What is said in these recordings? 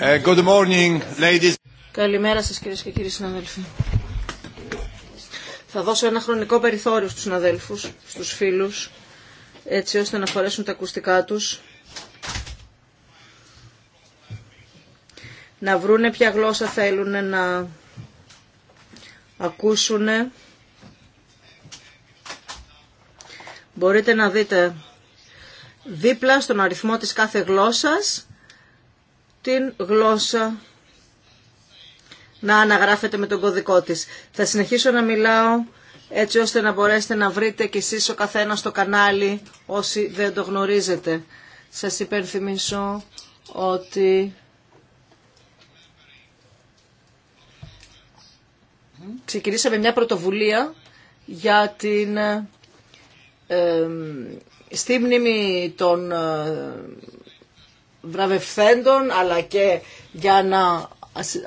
Ε, good Καλημέρα σας κυρίες και κύριοι συναδέλφοι. Θα δώσω ένα χρονικό περιθώριο στους συναδέλφους, στους φίλους, έτσι ώστε να φορέσουν τα ακουστικά τους. Να βρούνε ποια γλώσσα θέλουν να ακούσουν. Μπορείτε να δείτε δίπλα στον αριθμό της κάθε γλώσσας την γλώσσα να αναγράφετε με τον κωδικό της. Θα συνεχίσω να μιλάω έτσι ώστε να μπορέσετε να βρείτε κι εσείς ο καθένας στο κανάλι όσοι δεν το γνωρίζετε. Σας υπενθυμίσω ότι... Ξεκινήσαμε μια πρωτοβουλία για την ε, μνήμη των ε, βραβευθέντων αλλά και για να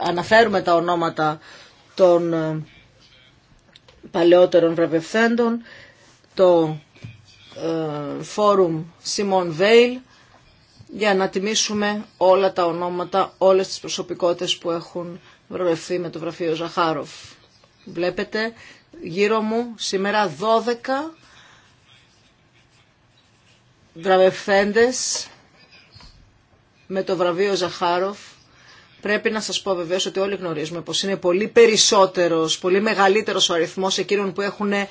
αναφέρουμε τα ονόματα των ε, παλαιότερων βραβευθέντων, το ε, Φόρουμ Σιμών Βέιλ, για να τιμήσουμε όλα τα ονόματα, όλες τις προσωπικότητες που έχουν βραβευθεί με το βραφείο Ζαχάροφ. Βλέπετε, γύρω μου σήμερα 12 βραβευθέντες με το βραβείο Ζαχάροφ. Πρέπει να σας πω βεβαίως ότι όλοι γνωρίζουμε πως είναι πολύ περισσότερος, πολύ μεγαλύτερος ο αριθμός εκείνων που έχουν ε,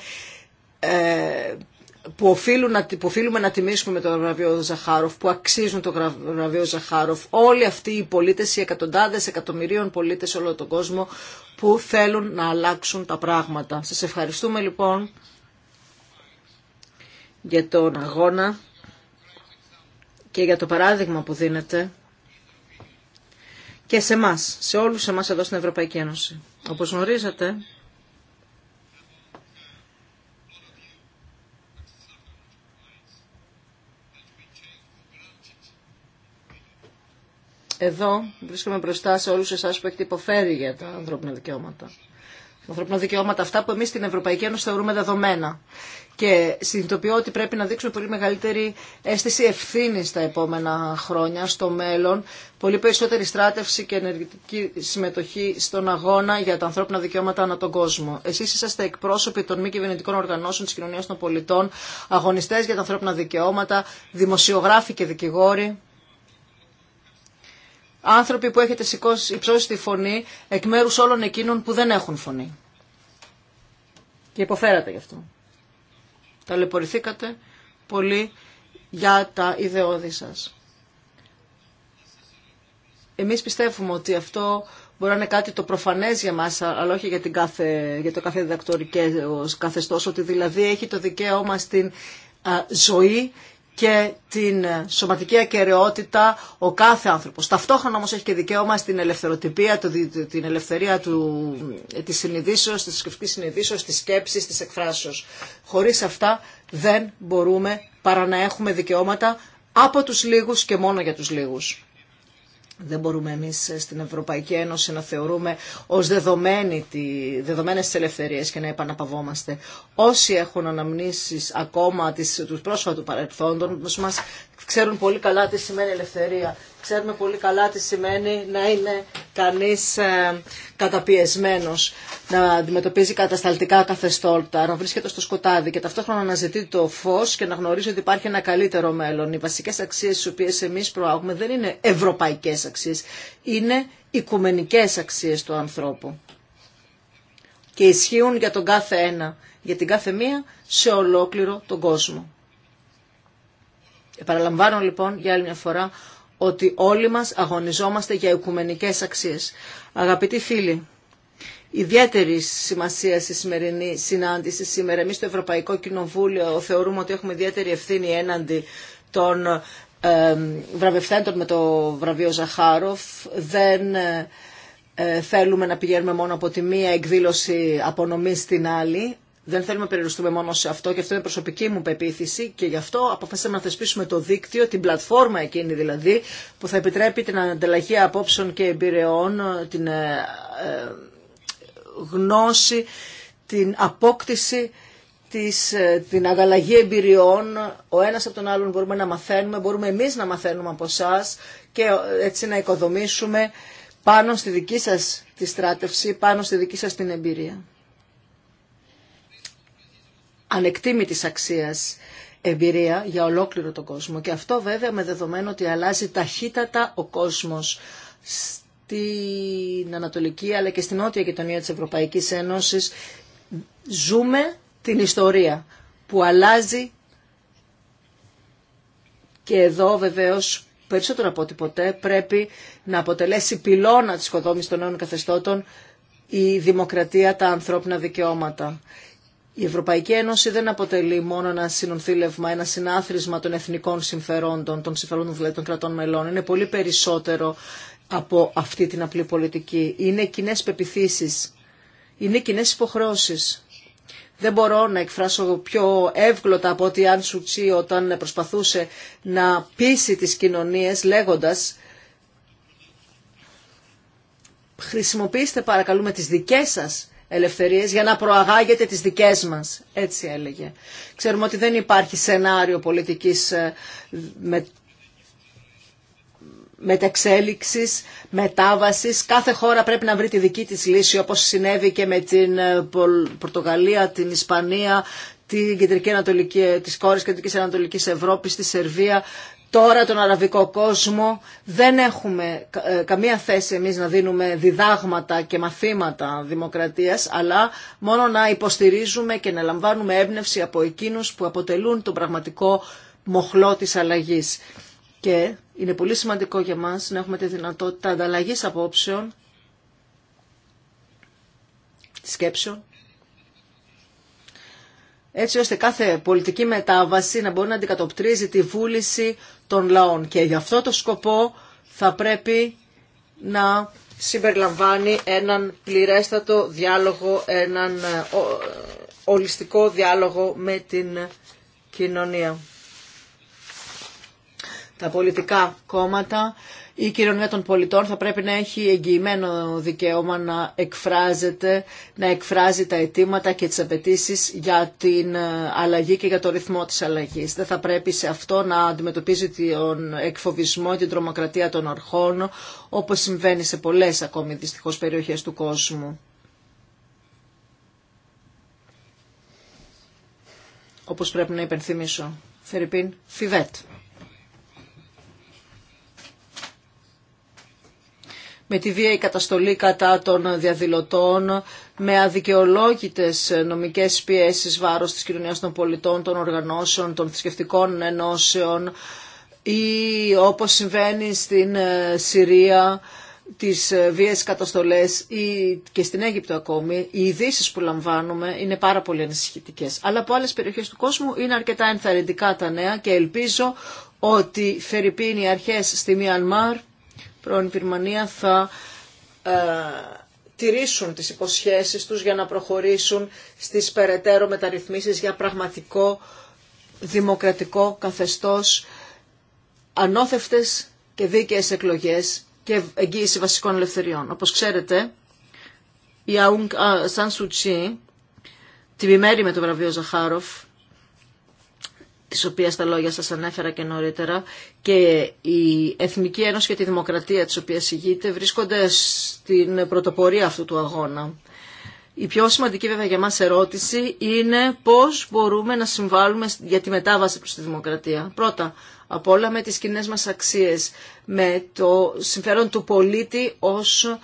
που, οφείλουν που οφείλουμε να τιμήσουμε με το βραβείο Ζαχάροφ, που αξίζουν το βραβείο Ζαχάροφ, όλοι αυτοί οι πολίτες, οι εκατοντάδες εκατομμυρίων πολίτες σε όλο τον κόσμο που θέλουν να αλλάξουν τα πράγματα. Σας ευχαριστούμε λοιπόν για τον αγώνα και για το παράδειγμα που δίνετε και σε εμά, σε όλους εμάς εδώ στην Ευρωπαϊκή Ένωση. Όπως γνωρίζετε, εδώ βρίσκομαι μπροστά σε όλους εσάς που έχετε υποφέρει για τα ανθρώπινα δικαιώματα. Τα ανθρώπινα δικαιώματα αυτά που εμεί στην Ευρωπαϊκή Ένωση θεωρούμε δεδομένα. Και συνειδητοποιώ ότι πρέπει να δείξουμε πολύ μεγαλύτερη αίσθηση ευθύνη τα επόμενα χρόνια, στο μέλλον, πολύ περισσότερη στράτευση και ενεργητική συμμετοχή στον αγώνα για τα ανθρώπινα δικαιώματα ανά τον κόσμο. Εσεί είσαστε εκπρόσωποι των μη κυβερνητικών οργανώσεων τη κοινωνία των πολιτών, αγωνιστέ για τα ανθρώπινα δικαιώματα, δημοσιογράφοι και δικηγόροι άνθρωποι που έχετε σηκώσει, υψώσει τη φωνή εκ μέρους όλων εκείνων που δεν έχουν φωνή. Και υποφέρατε γι' αυτό. Ταλαιπωρηθήκατε πολύ για τα ιδεώδη σας. Εμείς πιστεύουμε ότι αυτό μπορεί να είναι κάτι το προφανές για μας, αλλά όχι για, την κάθε, για το κάθε διδακτορικό καθεστώς, ότι δηλαδή έχει το δικαίωμα στην ζωή και την σωματική ακαιρεότητα ο κάθε άνθρωπος. Ταυτόχρονα όμως έχει και δικαίωμα στην ελευθεροτυπία, την ελευθερία του, ε, της συνειδήσεως, της σκεφτικής συνειδήσεως, της σκέψης, της εκφράσεως. Χωρίς αυτά δεν μπορούμε παρά να έχουμε δικαιώματα από τους λίγους και μόνο για τους λίγους. Δεν μπορούμε εμείς στην Ευρωπαϊκή Ένωση να θεωρούμε ως δεδομένη τη, δεδομένες ελευθερίες και να επαναπαυόμαστε. Όσοι έχουν αναμνήσεις ακόμα τις, τους πρόσφατου παρελθόντων μας ξέρουν πολύ καλά τι σημαίνει ελευθερία. Ξέρουμε πολύ καλά τι σημαίνει να είναι κανείς ε, καταπιεσμένος, να αντιμετωπίζει κατασταλτικά καθεστώτα, να βρίσκεται στο σκοτάδι και ταυτόχρονα να ζητεί το φως και να γνωρίζει ότι υπάρχει ένα καλύτερο μέλλον. Οι βασικές αξίες στις οποίες εμείς προάγουμε δεν είναι ευρωπαϊκές αξίες, είναι οικουμενικές αξίες του ανθρώπου. Και ισχύουν για τον κάθε ένα, για την κάθε μία σε ολόκληρο τον κόσμο. Επαναλαμβάνω λοιπόν για άλλη μια φορά ότι όλοι μας αγωνιζόμαστε για οικουμενικές αξίες. Αγαπητοί φίλοι, ιδιαίτερη σημασία στη σημερινή συνάντηση σήμερα. Εμείς στο Ευρωπαϊκό Κοινοβούλιο θεωρούμε ότι έχουμε ιδιαίτερη ευθύνη έναντι των ε, βραβευτέντων με το βραβείο Ζαχάροφ. Δεν ε, ε, θέλουμε να πηγαίνουμε μόνο από τη μία εκδήλωση απονομής στην άλλη δεν θέλουμε να περιοριστούμε μόνο σε αυτό και αυτό είναι προσωπική μου πεποίθηση και γι' αυτό αποφασίσαμε να θεσπίσουμε το δίκτυο, την πλατφόρμα εκείνη δηλαδή, που θα επιτρέπει την ανταλλαγή απόψεων και εμπειριών, την ε, ε, γνώση, την απόκτηση της, ε, την αγαλλαγή εμπειριών, ο ένας από τον άλλον μπορούμε να μαθαίνουμε, μπορούμε εμείς να μαθαίνουμε από εσά και έτσι να οικοδομήσουμε πάνω στη δική σας τη στράτευση, πάνω στη δική σας την εμπειρία ανεκτήμητης αξίας εμπειρία για ολόκληρο τον κόσμο. Και αυτό βέβαια με δεδομένο ότι αλλάζει ταχύτατα ο κόσμος στην Ανατολική αλλά και στην Νότια γειτονία της Ευρωπαϊκής Ένωσης. Ζούμε την ιστορία που αλλάζει και εδώ βεβαίως περισσότερο από ό,τι ποτέ πρέπει να αποτελέσει πυλώνα της οικοδόμησης των νέων καθεστώτων η δημοκρατία, τα ανθρώπινα δικαιώματα. Η Ευρωπαϊκή Ένωση δεν αποτελεί μόνο ένα συνονθήλευμα, ένα συνάθροισμα των εθνικών συμφερόντων, των συμφερόντων δηλαδή των κρατών μελών. Είναι πολύ περισσότερο από αυτή την απλή πολιτική. Είναι κοινέ πεπιθήσει. Είναι κοινέ υποχρεώσει. Δεν μπορώ να εκφράσω πιο εύγλωτα από ότι αν σου τσί όταν προσπαθούσε να πείσει τις κοινωνίες λέγοντας χρησιμοποιήστε παρακαλούμε τις δικές σας ελευθερίες για να προαγάγεται τις δικές μας. Έτσι έλεγε. Ξέρουμε ότι δεν υπάρχει σενάριο πολιτικής ε, με... μεταξέλιξης, μετάβασης. Κάθε χώρα πρέπει να βρει τη δική της λύση όπως συνέβη και με την ε, Πορτογαλία, την Ισπανία, την κεντρική ανατολική, ε, τις κόρες κεντρικής ανατολικής Ευρώπης, τη Σερβία τώρα τον αραβικό κόσμο. Δεν έχουμε ε, καμία θέση εμείς να δίνουμε διδάγματα και μαθήματα δημοκρατίας, αλλά μόνο να υποστηρίζουμε και να λαμβάνουμε έμπνευση από εκείνους που αποτελούν τον πραγματικό μοχλό της αλλαγής. Και είναι πολύ σημαντικό για μας να έχουμε τη δυνατότητα ανταλλαγής απόψεων, σκέψεων έτσι ώστε κάθε πολιτική μετάβαση να μπορεί να αντικατοπτρίζει τη βούληση των λαών. Και γι' αυτό το σκοπό θα πρέπει να συμπεριλαμβάνει έναν πληρέστατο διάλογο, έναν ε, ολιστικό διάλογο με την κοινωνία. Τα πολιτικά κόμματα η κοινωνία των πολιτών θα πρέπει να έχει εγγυημένο δικαίωμα να εκφράζεται, να εκφράζει τα αιτήματα και τις απαιτήσει για την ε, αλλαγή και για το ρυθμό της αλλαγής. Δεν θα πρέπει σε αυτό να αντιμετωπίζει τον εκφοβισμό, την τρομοκρατία των αρχών, όπως συμβαίνει σε πολλές ακόμη δυστυχώς περιοχές του κόσμου. Όπως πρέπει να υπενθυμίσω. Φερρυπίν Φιβέτ. με τη βία η καταστολή κατά των διαδηλωτών, με αδικαιολόγητες νομικές πιέσεις βάρος της κοινωνίας των πολιτών, των οργανώσεων, των θρησκευτικών ενώσεων ή όπως συμβαίνει στην ε, Συρία, τις ε, βίες καταστολές ή και στην Αίγυπτο ακόμη, οι ειδήσει που λαμβάνουμε είναι πάρα πολύ ανησυχητικέ. Αλλά από άλλες περιοχές του κόσμου είναι αρκετά ενθαρρυντικά τα νέα και ελπίζω ότι φερειπίνει αρχές στη Μιανμάρ πρώην Βυρμανία θα ε, τηρήσουν τις υποσχέσεις τους για να προχωρήσουν στις περαιτέρω μεταρρυθμίσεις για πραγματικό δημοκρατικό καθεστώς, ανώθευτες και δίκαιες εκλογές και εγγύηση βασικών ελευθεριών. Όπως ξέρετε, η Αούγκ Σαν Σουτσί, με το βραβείο Ζαχάροφ, τις οποίες τα λόγια σας ανέφερα και νωρίτερα, και η Εθνική Ένωση και τη Δημοκρατία, της οποίας ηγείται, βρίσκονται στην πρωτοπορία αυτού του αγώνα. Η πιο σημαντική βέβαια για μας ερώτηση είναι πώς μπορούμε να συμβάλλουμε για τη μετάβαση προς τη δημοκρατία. Πρώτα, από όλα με τις κοινέ μας αξίες, με το συμφέρον του πολίτη ως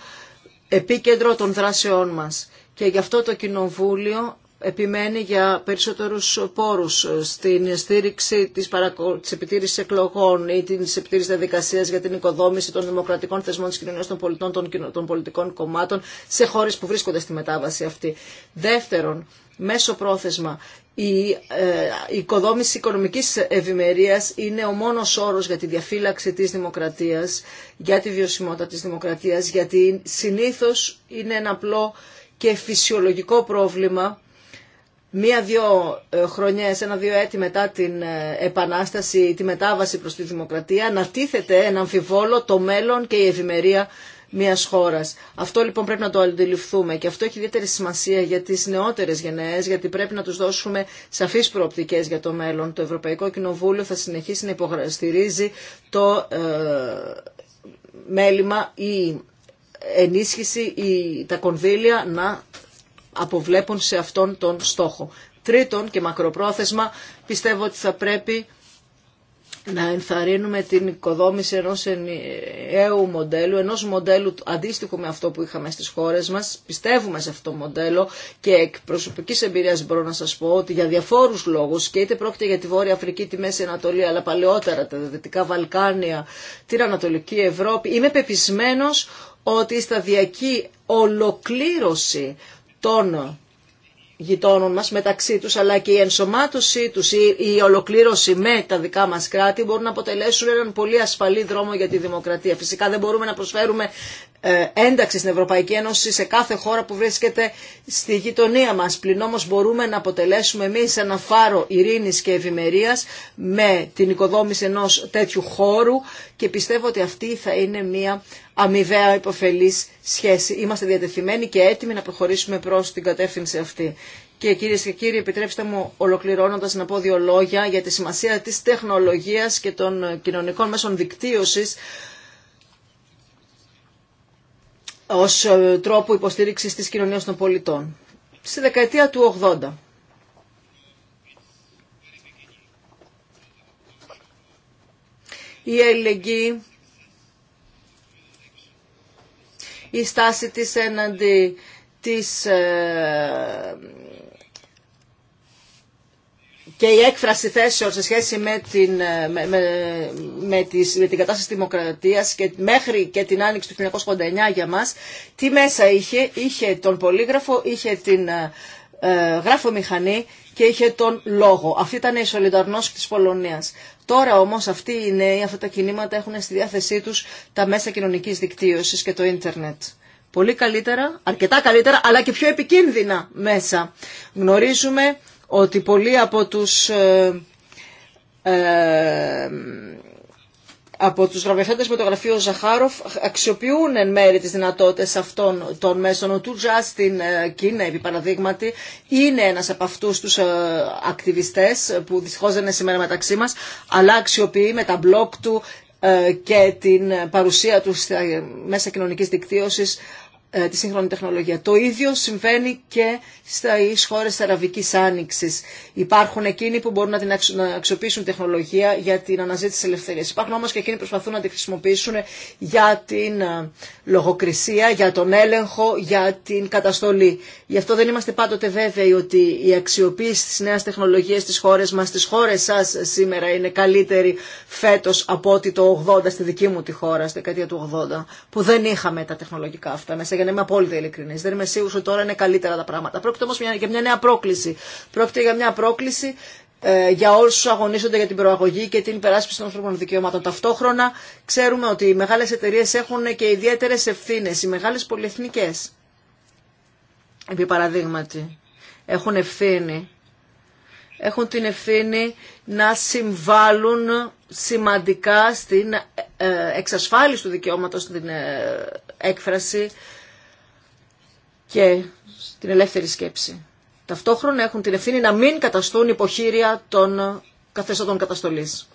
επίκεντρο των δράσεών μας. Και γι' αυτό το Κοινοβούλιο επιμένει για περισσότερους πόρους στην στήριξη της, παρακο... της επιτήρησης εκλογών ή της επιτήρησης διαδικασία για την οικοδόμηση των δημοκρατικών θεσμών της κοινωνίας των πολιτών, των, των πολιτικών κομμάτων σε χώρες που βρίσκονται στη μετάβαση αυτή. Δεύτερον, μέσω πρόθεσμα, η, ε, η οικοδόμηση οικονομικής ευημερίας είναι ο μόνος όρος για τη διαφύλαξη της δημοκρατίας, για τη βιωσιμότητα της δημοκρατίας, γιατί συνήθως είναι ένα απλό και φυσιολογικό πρόβλημα μία-δύο ε, χρονιές, ένα-δύο έτη μετά την ε, επανάσταση, τη μετάβαση προς τη δημοκρατία, να τίθεται ένα αμφιβόλο το μέλλον και η ευημερία μιας χώρας. Αυτό λοιπόν πρέπει να το αντιληφθούμε και αυτό έχει ιδιαίτερη σημασία για τις νεότερες γενναίες, γιατί πρέπει να τους δώσουμε σαφείς προοπτικές για το μέλλον. Το Ευρωπαϊκό Κοινοβούλιο θα συνεχίσει να υποστηρίζει το ε, μέλημα ή ενίσχυση ή τα κονδύλια να αποβλέπουν σε αυτόν τον στόχο. Τρίτον και μακροπρόθεσμα πιστεύω ότι θα πρέπει να ενθαρρύνουμε την οικοδόμηση ενός ενιαίου μοντέλου, ενός μοντέλου αντίστοιχου με αυτό που είχαμε στις χώρες μας. Πιστεύουμε σε αυτό το μοντέλο και εκ προσωπικής εμπειρίας μπορώ να σας πω ότι για διαφόρους λόγους και είτε πρόκειται για τη Βόρεια Αφρική, τη Μέση Ανατολή, αλλά παλαιότερα τα Δυτικά Βαλκάνια, την Ανατολική Ευρώπη, είμαι πεπισμένος ότι η σταδιακή ολοκλήρωση των γειτόνων μας μεταξύ τους, αλλά και η ενσωμάτωσή τους ή η ολοκλήρωση με τα δικά μας κράτη μπορούν να αποτελέσουν έναν πολύ ασφαλή δρόμο για τη δημοκρατία. Φυσικά δεν μπορούμε να προσφέρουμε ε, ένταξη στην Ευρωπαϊκή Ένωση σε κάθε χώρα που βρίσκεται στη γειτονία μας. Πλην όμως μπορούμε να αποτελέσουμε εμείς ένα φάρο ειρήνης και ευημερία με την οικοδόμηση ενός τέτοιου χώρου και πιστεύω ότι αυτή θα είναι μια αμοιβαία υποφελής σχέση. Είμαστε διατεθειμένοι και έτοιμοι να προχωρήσουμε προς την κατεύθυνση αυτή. Και κυρίε και κύριοι, επιτρέψτε μου ολοκληρώνοντας να πω δύο λόγια για τη σημασία της τεχνολογίας και των κοινωνικών μέσων δικτύωσης ως ε, τρόπο υποστηρίξη τη κοινωνία των πολιτών. Στη δεκαετία του 80. Η αλληλεγγύη η στάση της έναντι της, ε, και η έκφραση θέσεων σε σχέση με την, ε, με, με, τις, με την κατάσταση της δημοκρατίας και μέχρι και την άνοιξη του 1989 για μας, τι μέσα είχε, είχε τον πολύγραφο, είχε την ε, ε, μηχανή και είχε τον λόγο. Αυτή ήταν η Σολιδαρνόσκ της Πολωνίας. Τώρα όμως αυτοί οι νέοι, αυτά τα κινήματα έχουν στη διάθεσή τους τα μέσα κοινωνικής δικτύωσης και το ίντερνετ. Πολύ καλύτερα, αρκετά καλύτερα, αλλά και πιο επικίνδυνα μέσα. Γνωρίζουμε ότι πολλοί από τους ε, ε, από τους γραφειοκράτες με το γραφείο Ζαχάροφ αξιοποιούν εν μέρη τις δυνατότητες αυτών των μέσων. Ο Τούτζα στην ε, Κίνα, επί παραδείγματι, είναι ένας από αυτούς τους ε, ακτιβιστές που δυστυχώς δεν είναι σήμερα μεταξύ μας, αλλά αξιοποιεί με τα μπλοκ του ε, και την παρουσία του μέσα κοινωνικής δικτύωσης ε, τη σύγχρονη τεχνολογία. Το ίδιο συμβαίνει και στις χώρες της Αραβικής Άνοιξης. Υπάρχουν εκείνοι που μπορούν να, την αξιοποιήσουν τεχνολογία για την αναζήτηση της ελευθερίας. Υπάρχουν όμως και εκείνοι που προσπαθούν να τη χρησιμοποιήσουν για την ε, λογοκρισία, για τον έλεγχο, για την καταστολή. Γι' αυτό δεν είμαστε πάντοτε βέβαιοι ότι η αξιοποίηση της νέας τεχνολογίας στις χώρες μας, στις χώρες σας σήμερα είναι καλύτερη φέτος από ότι το 80 στη δική μου τη χώρα, στη δεκαετία του 80, που δεν είχαμε τα τεχνολογικά αυτά για να είμαι απόλυτα ειλικρινή. Δεν είμαι σίγουρο ότι τώρα είναι καλύτερα τα πράγματα. Πρόκειται όμω για μια νέα πρόκληση. Πρόκειται για μια πρόκληση ε, για όσου αγωνίζονται για την προαγωγή και την υπεράσπιση των ανθρώπινων δικαιωμάτων. Ταυτόχρονα ξέρουμε ότι οι μεγάλε εταιρείε έχουν και ιδιαίτερε ευθύνε, οι μεγάλε πολυεθνικέ. Επί παραδείγματι, έχουν ευθύνη. Έχουν την ευθύνη να συμβάλλουν σημαντικά στην ε, ε, εξασφάλιση του δικαιώματος, στην έκφραση και την ελεύθερη σκέψη. Ταυτόχρονα έχουν την ευθύνη να μην καταστούν υποχείρια των καθεστώτων καταστολής.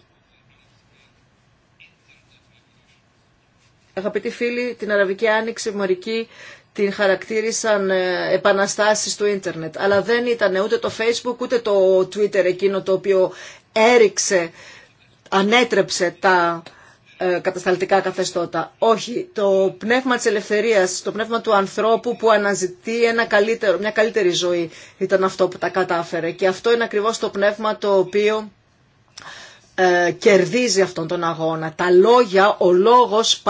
Αγαπητοί φίλοι, την Αραβική Άνοιξη μερικοί την χαρακτήρισαν ε, επαναστάσεις του ίντερνετ. Αλλά δεν ήταν ούτε το facebook ούτε το twitter εκείνο το οποίο έριξε, ανέτρεψε τα ε, κατασταλτικά καθεστώτα. Όχι, το πνεύμα της ελευθερίας, το πνεύμα του ανθρώπου που αναζητεί ένα καλύτερο, μια καλύτερη ζωή ήταν αυτό που τα κατάφερε. Και αυτό είναι ακριβώς το πνεύμα το οποίο ε, κερδίζει αυτόν τον αγώνα. Τα λόγια, ο λόγος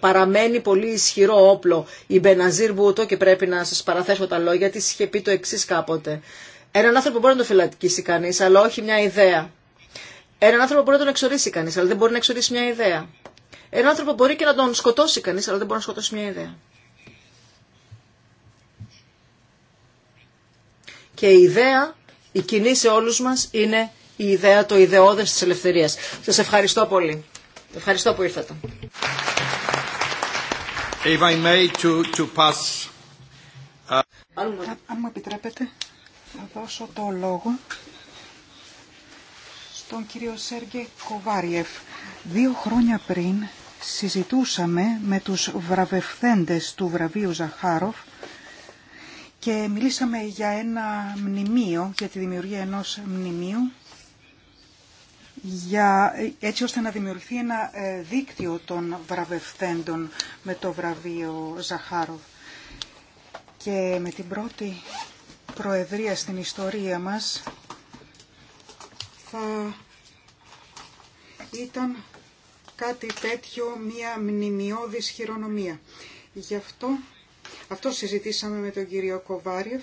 παραμένει πολύ ισχυρό όπλο. Η Μπεναζίρ Μπούτο, και πρέπει να σας παραθέσω τα λόγια της, είχε πει το εξή κάποτε. Έναν άνθρωπο μπορεί να το φυλακίσει κανείς, αλλά όχι μια ιδέα. Έναν άνθρωπο μπορεί να τον εξορίσει κανεί, αλλά δεν μπορεί να εξορίσει μια ιδέα. Έναν άνθρωπο μπορεί και να τον σκοτώσει κανείς, αλλά δεν μπορεί να σκοτώσει μια ιδέα. Και η ιδέα, η κοινή σε όλου μας, είναι η ιδέα, το ιδεώδες τη ελευθερία. Σας ευχαριστώ πολύ. Ευχαριστώ που ήρθατε. Uh, Αν μου επιτρέπετε, θα δώσω το λόγο τον κύριο Σέργε Κοβάριεφ. Δύο χρόνια πριν συζητούσαμε με τους βραβευθέντες του βραβείου Ζαχάροφ και μιλήσαμε για ένα μνημείο, για τη δημιουργία ενός μνημείου, για, έτσι ώστε να δημιουργηθεί ένα ε, δίκτυο των βραβευθέντων με το βραβείο Ζαχάροφ. Και με την πρώτη προεδρία στην ιστορία μας θα ήταν κάτι τέτοιο, μία μνημειώδης χειρονομία. Γι' αυτό, αυτό συζητήσαμε με τον κύριο Κοβάριεφ.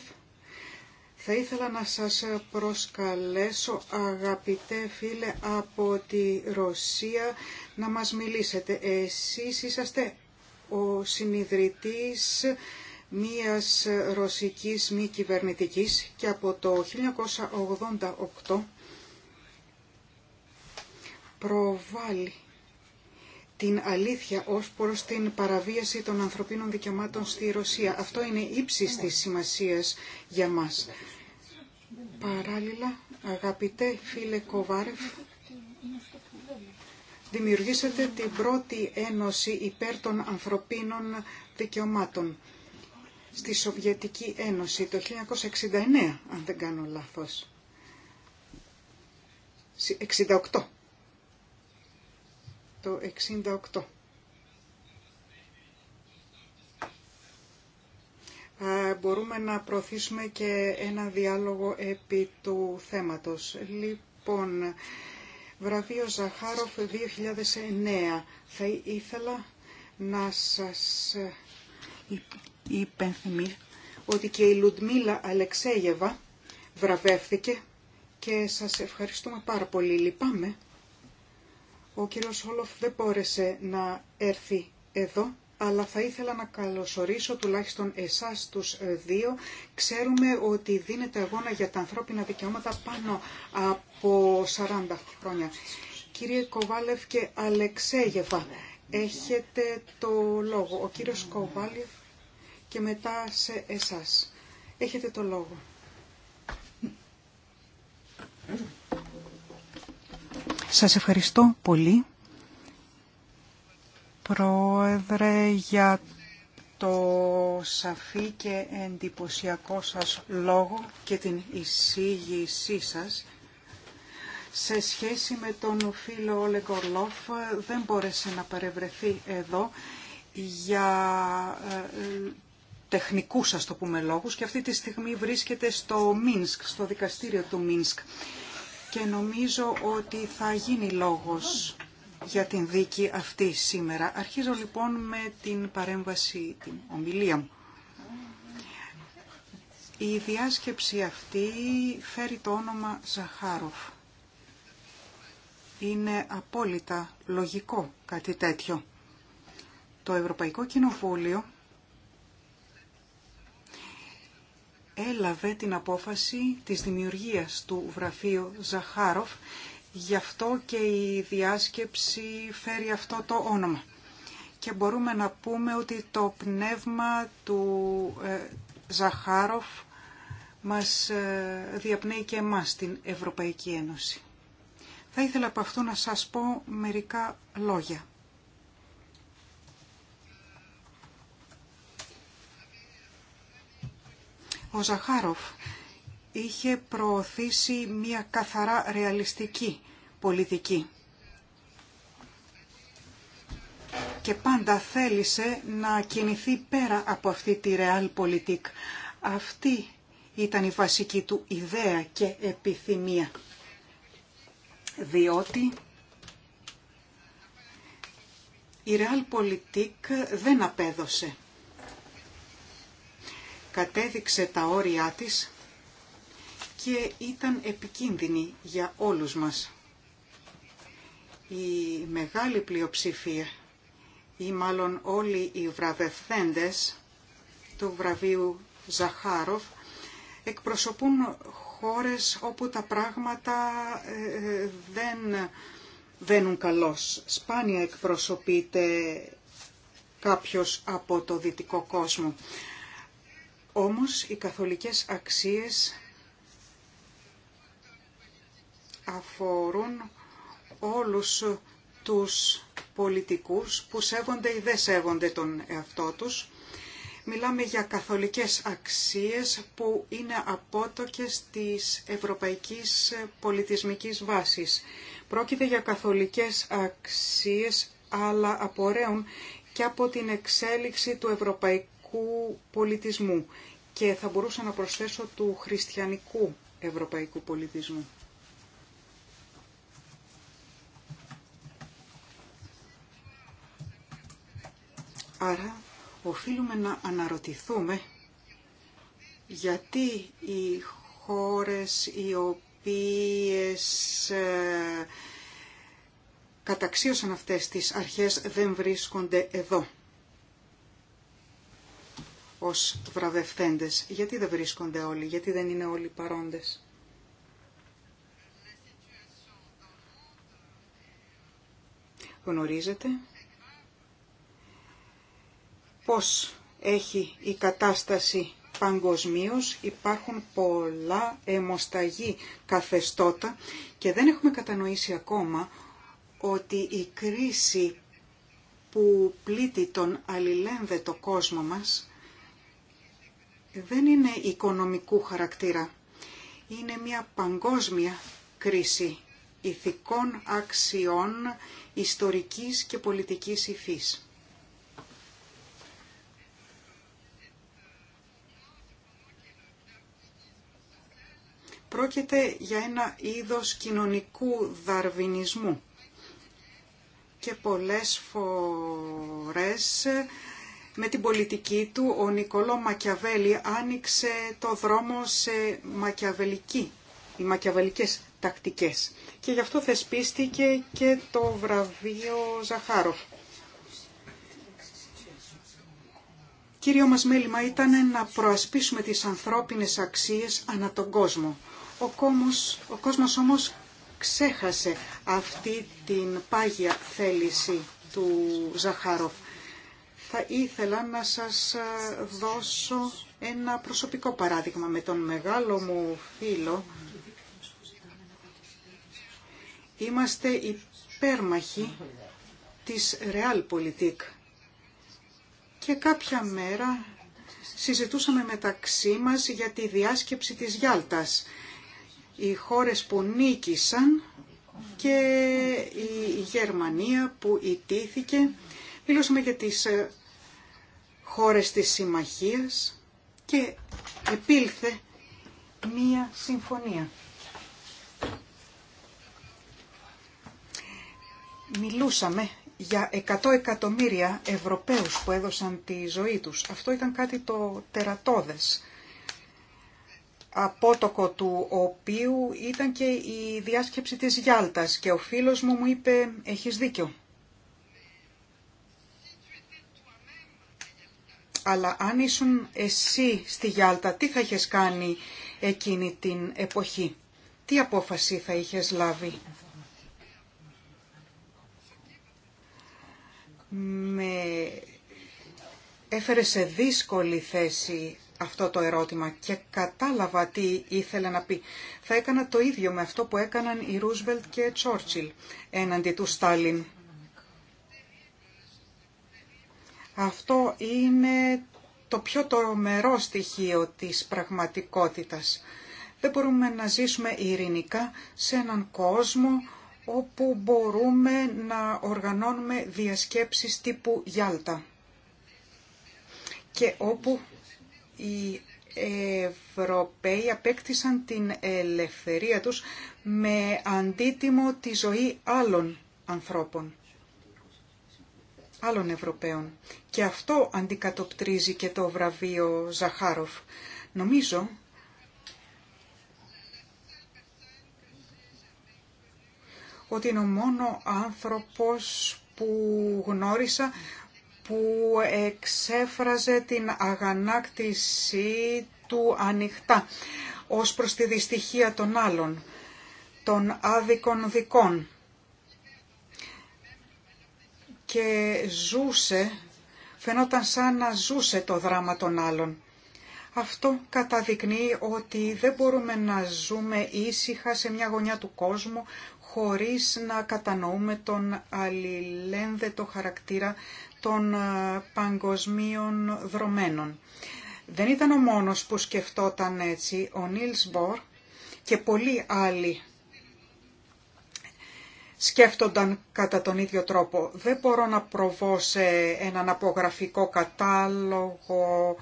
Θα ήθελα να σας προσκαλέσω αγαπητέ φίλε από τη Ρωσία να μας μιλήσετε. Εσείς είσαστε ο συνειδητής μίας ρωσικής μη κυβερνητικής και από το 1988 προβάλλει την αλήθεια ως προς την παραβίαση των ανθρωπίνων δικαιωμάτων στη Ρωσία. Αυτό είναι ύψης της σημασίας για μας. Παράλληλα, αγαπητέ φίλε Κοβάρεφ, δημιουργήσατε την πρώτη ένωση υπέρ των ανθρωπίνων δικαιωμάτων στη Σοβιετική Ένωση το 1969, αν δεν κάνω λάθος. 68 το 68. Ε, μπορούμε να προωθήσουμε και ένα διάλογο επί του θέματος. Λοιπόν, βραβείο Ζαχάροφ 2009. Θα ήθελα να σας υπενθυμίσω ότι και η Λουτμίλα Αλεξέγεβα βραβεύθηκε και σας ευχαριστούμε πάρα πολύ. Λυπάμαι ο κύριος Όλοφ δεν μπόρεσε να έρθει εδώ, αλλά θα ήθελα να καλωσορίσω τουλάχιστον εσάς τους δύο. Ξέρουμε ότι δίνεται αγώνα για τα ανθρώπινα δικαιώματα πάνω από 40 χρόνια. Κύριε Κοβάλευ και Αλεξέγεβα, έχετε το λόγο. Ο κύριος Κοβάλευ και μετά σε εσάς. Έχετε το λόγο. Σας ευχαριστώ πολύ, Πρόεδρε, για το σαφή και εντυπωσιακό σας λόγο και την εισήγησή σας. Σε σχέση με τον φίλο ολεκολόφ δεν μπόρεσε να παρευρεθεί εδώ για ε, τεχνικούς ας το πούμε λόγους και αυτή τη στιγμή βρίσκεται στο Μίνσκ, στο δικαστήριο του Μίνσκ και νομίζω ότι θα γίνει λόγος για την δίκη αυτή σήμερα. Αρχίζω λοιπόν με την παρέμβαση, την ομιλία μου. Η διάσκεψη αυτή φέρει το όνομα Ζαχάροφ. Είναι απόλυτα λογικό κάτι τέτοιο. Το Ευρωπαϊκό Κοινοβούλιο έλαβε την απόφαση της δημιουργίας του βραφείου Ζαχάροφ, γι' αυτό και η διάσκεψη φέρει αυτό το όνομα. Και μπορούμε να πούμε ότι το πνεύμα του ε, Ζαχάροφ μας ε, διαπνέει και εμάς την Ευρωπαϊκή Ένωση. Θα ήθελα από αυτό να σας πω μερικά λόγια. Ο Ζαχάροφ είχε προωθήσει μια καθαρά ρεαλιστική πολιτική και πάντα θέλησε να κινηθεί πέρα από αυτή τη ρεάλ πολιτικ. Αυτή ήταν η βασική του ιδέα και επιθυμία. Διότι η ρεάλ πολιτικ δεν απέδωσε κατέδειξε τα όρια της και ήταν επικίνδυνη για όλους μας. Η μεγάλη πλειοψηφία ή μάλλον όλοι οι βραβευθέντες του βραβείου Ζαχάροφ εκπροσωπούν χώρες όπου τα πράγματα ε, δεν βαίνουν καλώς. Σπάνια εκπροσωπείται κάποιος από το δυτικό κόσμο. Όμως οι καθολικές αξίες αφορούν όλους τους πολιτικούς που σέβονται ή δεν σέβονται τον εαυτό τους. Μιλάμε για καθολικές αξίες που είναι απότοκες της ευρωπαϊκής πολιτισμικής βάσης. Πρόκειται για καθολικές αξίες αλλά απορρέουν και από την εξέλιξη του ευρωπαϊκού ευρωπαϊκού πολιτισμού και θα μπορούσα να προσθέσω του χριστιανικού ευρωπαϊκού πολιτισμού. Άρα οφείλουμε να αναρωτηθούμε γιατί οι χώρες οι οποίες ε, καταξίωσαν αυτές τις αρχές δεν βρίσκονται εδώ ως βραβευθέντες. Γιατί δεν βρίσκονται όλοι, γιατί δεν είναι όλοι παρόντες. Γνωρίζετε πώς έχει η κατάσταση παγκοσμίω υπάρχουν πολλά αιμοσταγή καθεστώτα και δεν έχουμε κατανοήσει ακόμα ότι η κρίση που πλήττει τον αλληλένδετο κόσμο μας δεν είναι οικονομικού χαρακτήρα. Είναι μια παγκόσμια κρίση ηθικών αξιών, ιστορικής και πολιτικής υφής. Πρόκειται για ένα είδος κοινωνικού δαρβινισμού και πολλές φορές με την πολιτική του ο Νικολό Μακιαβέλη άνοιξε το δρόμο σε μακιαβελική, οι μακιαβελικές τακτικές. Και γι' αυτό θεσπίστηκε και το βραβείο Ζαχάροφ. Κύριο μας μέλημα ήταν να προασπίσουμε τις ανθρώπινες αξίες ανά τον κόσμο. Ο, κόμος, ο κόσμος όμως ξέχασε αυτή την πάγια θέληση του Ζαχάροφ. Θα ήθελα να σας ε, δώσω ένα προσωπικό παράδειγμα με τον μεγάλο μου φίλο. Είμαστε υπέρμαχοι της Realpolitik και κάποια μέρα συζητούσαμε μεταξύ μας για τη διάσκεψη της Γιάλτας. Οι χώρες που νίκησαν και η Γερμανία που ιτήθηκε. Μιλούσαμε για τις ε, χώρες της Συμμαχίας και επήλθε μία συμφωνία. Μιλούσαμε για 100 εκατομμύρια Ευρωπαίους που έδωσαν τη ζωή τους. Αυτό ήταν κάτι το τερατώδες απότοκο του οποίου ήταν και η διάσκεψη της Γιάλτας και ο φίλος μου μου είπε «Έχεις δίκιο». Αλλά αν ήσουν εσύ στη Γιάλτα, τι θα είχες κάνει εκείνη την εποχή. Τι απόφαση θα είχες λάβει. Με έφερε σε δύσκολη θέση αυτό το ερώτημα και κατάλαβα τι ήθελε να πει. Θα έκανα το ίδιο με αυτό που έκαναν οι Ρούσβελτ και Τσόρτσιλ έναντι του Στάλιν. Αυτό είναι το πιο τομερό στοιχείο της πραγματικότητας. Δεν μπορούμε να ζήσουμε ειρηνικά σε έναν κόσμο όπου μπορούμε να οργανώνουμε διασκέψεις τύπου Γιάλτα και όπου οι Ευρωπαίοι απέκτησαν την ελευθερία τους με αντίτιμο τη ζωή άλλων ανθρώπων. Ευρωπαίων. Και αυτό αντικατοπτρίζει και το βραβείο Ζαχάροφ. Νομίζω ότι είναι ο μόνο άνθρωπος που γνώρισα που εξέφραζε την αγανάκτησή του ανοιχτά ως προς τη δυστυχία των άλλων, των άδικων δικών και ζούσε, φαινόταν σαν να ζούσε το δράμα των άλλων. Αυτό καταδεικνύει ότι δεν μπορούμε να ζούμε ήσυχα σε μια γωνιά του κόσμου χωρίς να κατανοούμε τον αλληλένδετο χαρακτήρα των ε, παγκοσμίων δρομένων. Δεν ήταν ο μόνος που σκεφτόταν έτσι. Ο Νίλς Μπορ και πολλοί άλλοι σκέφτονταν κατά τον ίδιο τρόπο. Δεν μπορώ να προβώ σε έναν απογραφικό κατάλογο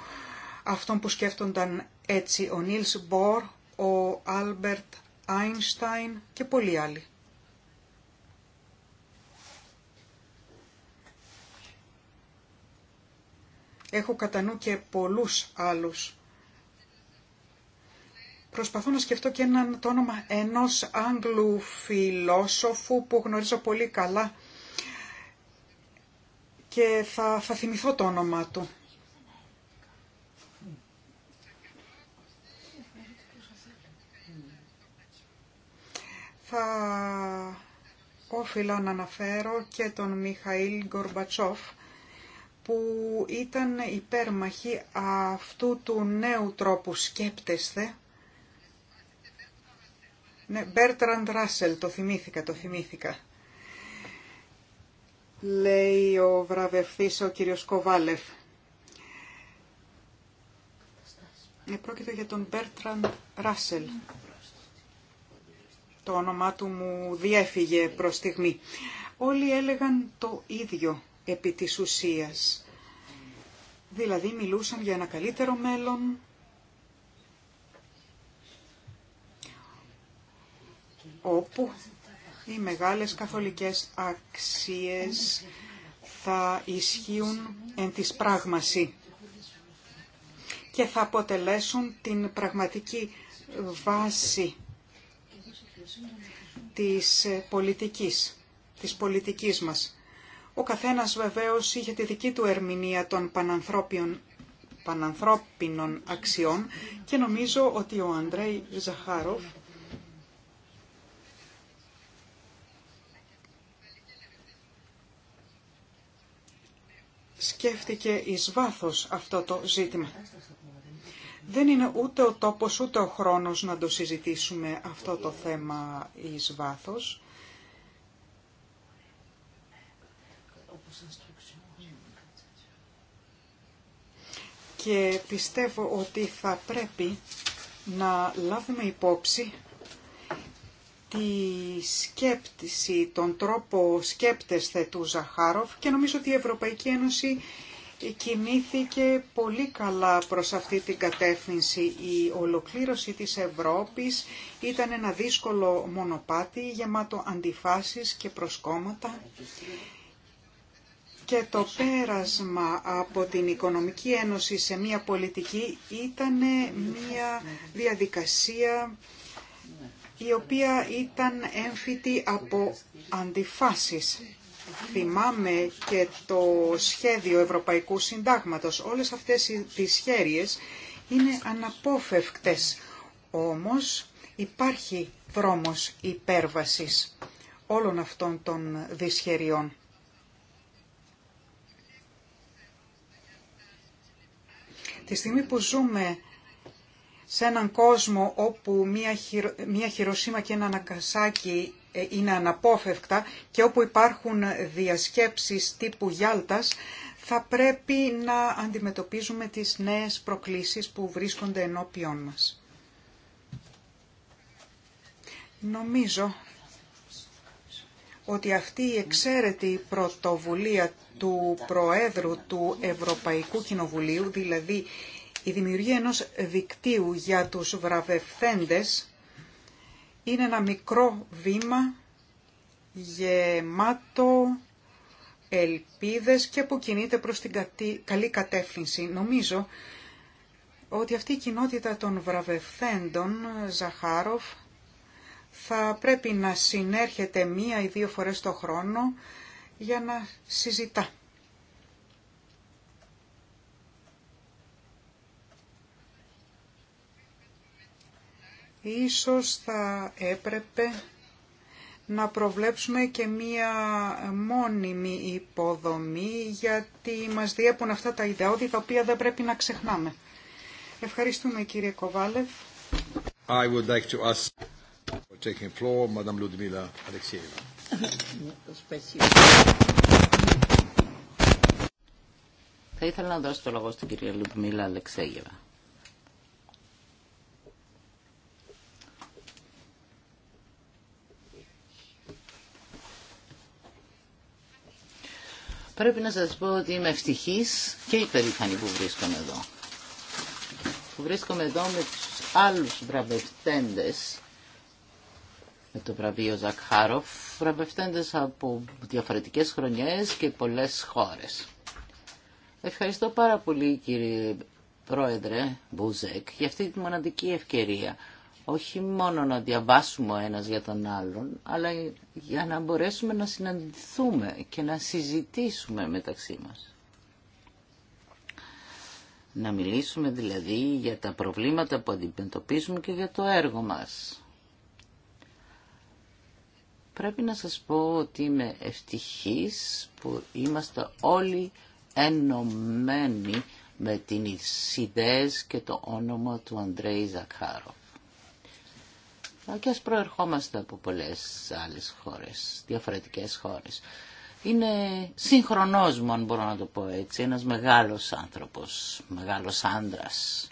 αυτών που σκέφτονταν έτσι ο Νίλς Μπορ, ο Άλμπερτ Άινστάιν και πολλοί άλλοι. Έχω κατά νου και πολλούς άλλους Προσπαθώ να σκεφτώ και ένα το όνομα ενός Άγγλου φιλόσοφου που γνωρίζω πολύ καλά και θα, θα θυμηθώ το όνομά του. Θα όφιλα να αναφέρω και τον Μιχαήλ Γκορμπατσόφ που ήταν υπέρμαχη αυτού του νέου τρόπου σκέπτεσθε ναι, Bertrand Ράσελ, το θυμήθηκα, το θυμήθηκα. Λέει ο βραβευτής ο κύριος Κοβάλεφ. Ε, πρόκειται για τον Bertrand Ράσελ. Το όνομά του μου διέφυγε προς στιγμή. Όλοι έλεγαν το ίδιο επί της ουσίας. Δηλαδή μιλούσαν για ένα καλύτερο μέλλον, όπου οι μεγάλες καθολικές αξίες θα ισχύουν εν της πράγμαση και θα αποτελέσουν την πραγματική βάση της πολιτικής, της πολιτικής μας. Ο καθένας βεβαίως είχε τη δική του ερμηνεία των πανανθρώπιων πανανθρώπινων αξιών και νομίζω ότι ο Αντρέι Ζαχάροφ σκέφτηκε εις βάθος αυτό το ζήτημα. Δεν είναι ούτε ο τόπος ούτε ο χρόνος να το συζητήσουμε αυτό το θέμα εις βάθος. Και πιστεύω ότι θα πρέπει να λάβουμε υπόψη τη σκέπτηση, τον τρόπο σκέπτεσθε του Ζαχάροφ και νομίζω ότι η Ευρωπαϊκή Ένωση κινήθηκε πολύ καλά προς αυτή την κατεύθυνση. Η ολοκλήρωση της Ευρώπης ήταν ένα δύσκολο μονοπάτι γεμάτο αντιφάσεις και προσκόμματα και το πέρασμα από την Οικονομική Ένωση σε μια πολιτική ήταν μια διαδικασία η οποία ήταν έμφυτη από αντιφάσεις. Θυμάμαι και το σχέδιο Ευρωπαϊκού Συντάγματος. Όλες αυτές οι χέριες είναι αναπόφευκτες. Όμως υπάρχει δρόμος υπέρβασης όλων αυτών των δυσχεριών. Τη στιγμή που ζούμε σε έναν κόσμο όπου μια, χειροσύμα και ένα ανακασάκι ε, είναι αναπόφευκτα και όπου υπάρχουν διασκέψεις τύπου Γιάλτας, θα πρέπει να αντιμετωπίζουμε τις νέες προκλήσεις που βρίσκονται ενώπιόν μας. Νομίζω ότι αυτή η εξαίρετη πρωτοβουλία του Προέδρου του Ευρωπαϊκού Κοινοβουλίου, δηλαδή η δημιουργία ενός δικτύου για τους βραβευθέντες είναι ένα μικρό βήμα γεμάτο ελπίδες και που κινείται προς την καλή κατεύθυνση. Νομίζω ότι αυτή η κοινότητα των βραβευθέντων, Ζαχάροφ, θα πρέπει να συνέρχεται μία ή δύο φορές το χρόνο για να συζητά Ίσως θα έπρεπε να προβλέψουμε και μία μόνιμη υποδομή γιατί μας διέπουν αυτά τα ιδεώδη τα οποία δεν πρέπει να ξεχνάμε. Ευχαριστούμε κύριε Κοβάλευ. I would like to ask for taking floor, Madame Ludmila Θα ήθελα να δώσω το λόγο στην κυρία Λουμπμίλα Αλεξέγεβα. Πρέπει να σας πω ότι είμαι ευτυχής και υπερήφανη που βρίσκομαι εδώ. Που βρίσκομαι εδώ με τους άλλους βραβευτέντες, με το βραβείο Ζακχάροφ, βραβευτέντες από διαφορετικές χρονιές και πολλές χώρες. Ευχαριστώ πάρα πολύ κύριε Πρόεδρε Μπουζέκ για αυτή τη μοναδική ευκαιρία όχι μόνο να διαβάσουμε ο ένας για τον άλλον, αλλά για να μπορέσουμε να συναντηθούμε και να συζητήσουμε μεταξύ μας. Να μιλήσουμε δηλαδή για τα προβλήματα που αντιμετωπίζουμε και για το έργο μας. Πρέπει να σας πω ότι είμαι ευτυχής που είμαστε όλοι ενωμένοι με την ιδέες και το όνομα του Αντρέη Ζακάρο και ας προερχόμαστε από πολλές άλλες χώρες, διαφορετικές χώρες. Είναι συγχρονός μου, αν μπορώ να το πω έτσι, ένας μεγάλος άνθρωπος, μεγάλος άντρας,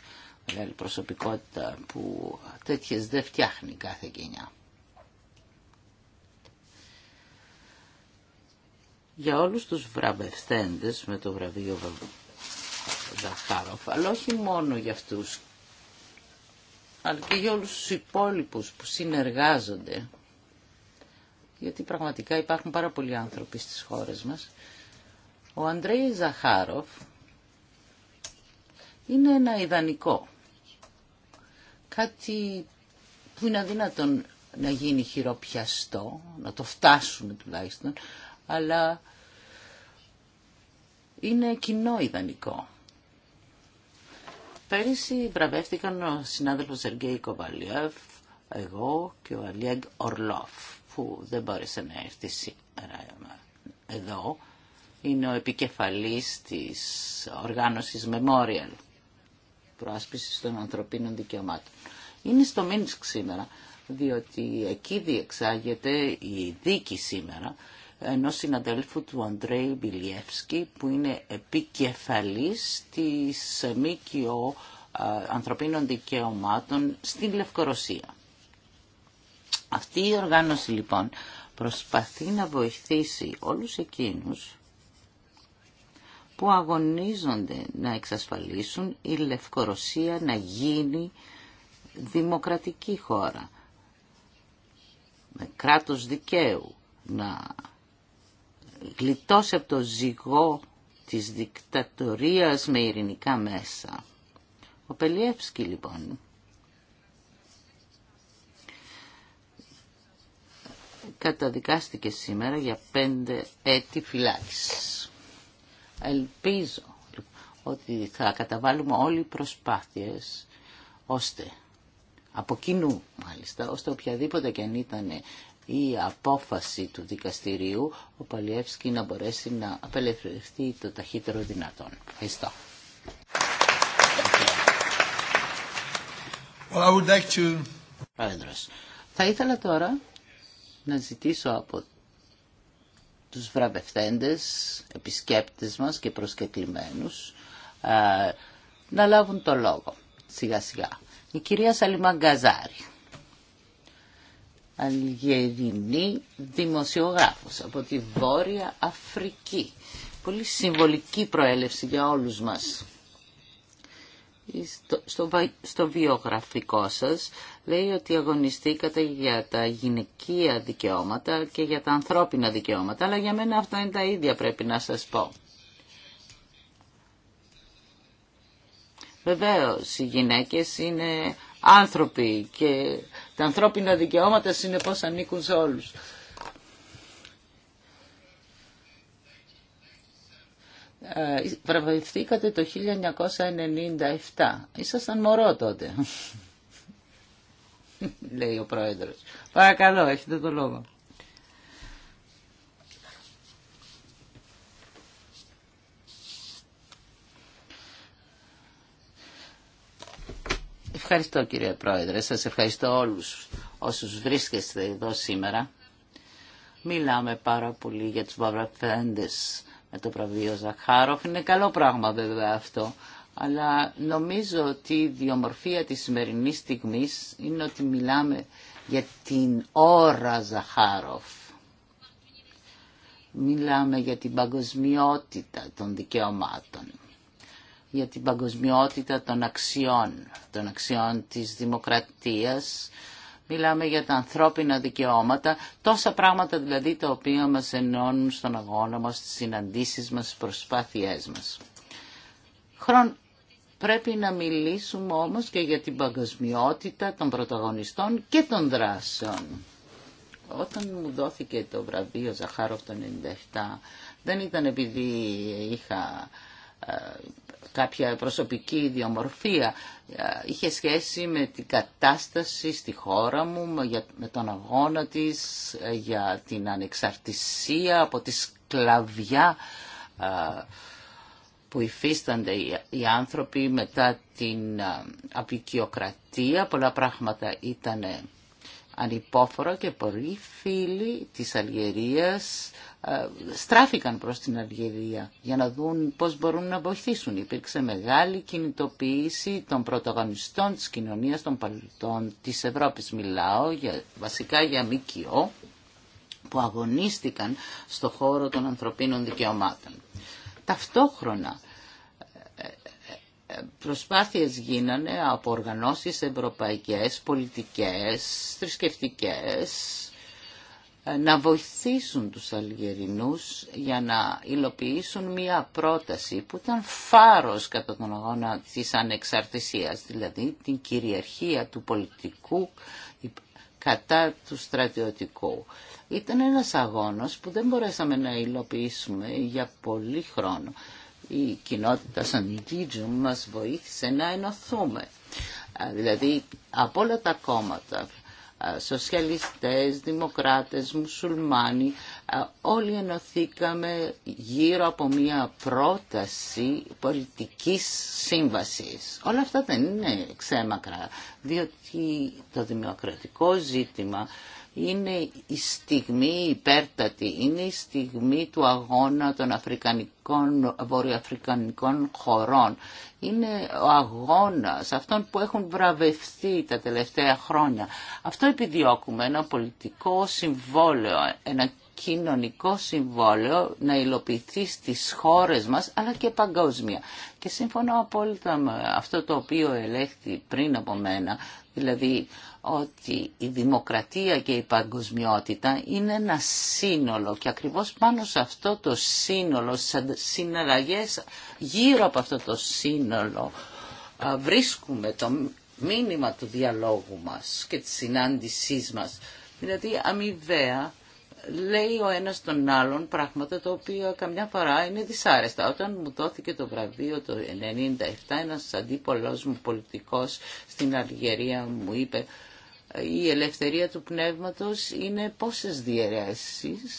μεγάλη προσωπικότητα που τέτοιες δεν φτιάχνει κάθε γενιά. Για όλους τους βραβευτέντες με το βραβείο Ζαχάροφ, αλλά όχι μόνο για αυτούς αλλά και για όλους τους υπόλοιπους που συνεργάζονται, γιατί πραγματικά υπάρχουν πάρα πολλοί άνθρωποι στις χώρες μας. Ο Αντρέι Ζαχάροφ είναι ένα ιδανικό, κάτι που είναι αδύνατον να γίνει χειροπιαστό, να το φτάσουμε τουλάχιστον, αλλά είναι κοινό ιδανικό. Πέρυσι βραβεύτηκαν ο συνάδελφος Σεργέη Κοβαλιέφ, εγώ και ο Αλιέγ Ορλόφ, που δεν μπόρεσε να έρθει σήμερα εδώ. Είναι ο επικεφαλής της οργάνωσης Memorial, προάσπισης των ανθρωπίνων δικαιωμάτων. Είναι στο Μίνσκ σήμερα, διότι εκεί διεξάγεται η δίκη σήμερα Ενό συναδέλφου του Αντρέη Μπιλιεύσκη που είναι επικεφαλής της ΜΚΟ ανθρωπίνων δικαιωμάτων στην Λευκορωσία. Αυτή η οργάνωση λοιπόν προσπαθεί να βοηθήσει όλους εκείνους που αγωνίζονται να εξασφαλίσουν η Λευκορωσία να γίνει δημοκρατική χώρα με κράτος δικαίου να γλιτώσει από το ζυγό της δικτατορίας με ειρηνικά μέσα. Ο Πελιεύσκη λοιπόν καταδικάστηκε σήμερα για πέντε έτη φυλάκισης. Ελπίζω λοιπόν, ότι θα καταβάλουμε όλοι οι προσπάθειες ώστε από κοινού μάλιστα, ώστε οποιαδήποτε και αν ήταν η απόφαση του δικαστηρίου ο Παλιεύσκη να μπορέσει να απελευθερωθεί το ταχύτερο δυνατόν. Ευχαριστώ. Θα ήθελα τώρα να ζητήσω από τους βραβευτέντες, επισκέπτες μας και προσκεκλημένους ε, να λάβουν το λόγο σιγά σιγά. Η κυρία Γκαζάρη. Αλγερινή δημοσιογράφος από τη Βόρεια Αφρική. Πολύ συμβολική προέλευση για όλους μας. Στο, στο βιογραφικό σας λέει ότι αγωνιστήκατε για τα γυναικεία δικαιώματα και για τα ανθρώπινα δικαιώματα, αλλά για μένα αυτά είναι τα ίδια πρέπει να σας πω. Βεβαίως, οι γυναίκες είναι άνθρωποι και τα ανθρώπινα δικαιώματα συνεπώς ανήκουν σε όλους. Ε, βραβευθήκατε το 1997. Ήσασταν μωρό τότε, λέει ο πρόεδρος. Παρακαλώ, έχετε το λόγο. Ευχαριστώ κύριε Πρόεδρε, σας ευχαριστώ όλους όσους βρίσκεστε εδώ σήμερα. Μιλάμε πάρα πολύ για τους βαβραφέντες με το βραβείο Ζαχάροφ. Είναι καλό πράγμα βέβαια αυτό. Αλλά νομίζω ότι η διομορφία της σημερινή στιγμής είναι ότι μιλάμε για την ώρα Ζαχάροφ. Μιλάμε για την παγκοσμιότητα των δικαιωμάτων για την παγκοσμιότητα των αξιών, των αξιών της δημοκρατίας. Μιλάμε για τα ανθρώπινα δικαιώματα, τόσα πράγματα δηλαδή τα οποία μας ενώνουν στον αγώνα μας, στις συναντήσεις μας, στις προσπάθειές μας. Χρον, πρέπει να μιλήσουμε όμως και για την παγκοσμιότητα των πρωταγωνιστών και των δράσεων. Όταν μου δόθηκε το βραβείο Ζαχάροφ το 97, δεν ήταν επειδή είχα κάποια προσωπική ιδιομορφία. Ε, είχε σχέση με την κατάσταση στη χώρα μου, με τον αγώνα της, ε, για την ανεξαρτησία από τη σκλαβιά ε, που υφίστανται οι άνθρωποι μετά την απεικιοκρατία. Πολλά πράγματα ήταν ανυπόφορο και πολλοί φίλοι της Αλγερίας ε, στράφηκαν προς την Αλγερία για να δουν πώς μπορούν να βοηθήσουν. Υπήρξε μεγάλη κινητοποίηση των πρωταγωνιστών της κοινωνίας των παλιτών της Ευρώπης. Μιλάω για, βασικά για ΜΚΟ που αγωνίστηκαν στο χώρο των ανθρωπίνων δικαιωμάτων. Ταυτόχρονα προσπάθειες γίνανε από οργανώσεις ευρωπαϊκές, πολιτικές, θρησκευτικέ, ε, να βοηθήσουν τους Αλγερινούς για να υλοποιήσουν μια πρόταση που ήταν φάρος κατά τον αγώνα της ανεξαρτησίας, δηλαδή την κυριαρχία του πολιτικού κατά του στρατιωτικού. Ήταν ένας αγώνας που δεν μπορέσαμε να υλοποιήσουμε για πολύ χρόνο η κοινότητα σαν Legion μας βοήθησε να ενωθούμε. Δηλαδή από όλα τα κόμματα, σοσιαλιστές, δημοκράτες, μουσουλμάνοι, όλοι ενωθήκαμε γύρω από μια πρόταση πολιτικής σύμβασης. Όλα αυτά δεν είναι ξέμακρα, διότι το δημοκρατικό ζήτημα είναι η στιγμή υπέρτατη, είναι η στιγμή του αγώνα των αφρικανικών, βορειοαφρικανικών χωρών. Είναι ο αγώνας αυτών που έχουν βραβευτεί τα τελευταία χρόνια. Αυτό επιδιώκουμε, ένα πολιτικό συμβόλαιο, ένα κοινωνικό συμβόλαιο να υλοποιηθεί στις χώρες μας αλλά και παγκόσμια. Και σύμφωνα απόλυτα με αυτό το οποίο ελέγχθη πριν από μένα, δηλαδή ότι η δημοκρατία και η παγκοσμιότητα είναι ένα σύνολο και ακριβώς πάνω σε αυτό το σύνολο, σαν συναλλαγές γύρω από αυτό το σύνολο βρίσκουμε το μήνυμα του διαλόγου μας και της συνάντησής μας. Δηλαδή αμοιβαία λέει ο ένας τον άλλον πράγματα τα οποία καμιά φορά είναι δυσάρεστα. Όταν μου δόθηκε το βραβείο το 1997 ένας αντίπολός μου πολιτικός στην Αλγερία μου είπε η ελευθερία του πνεύματος είναι πόσες διαιρέσεις.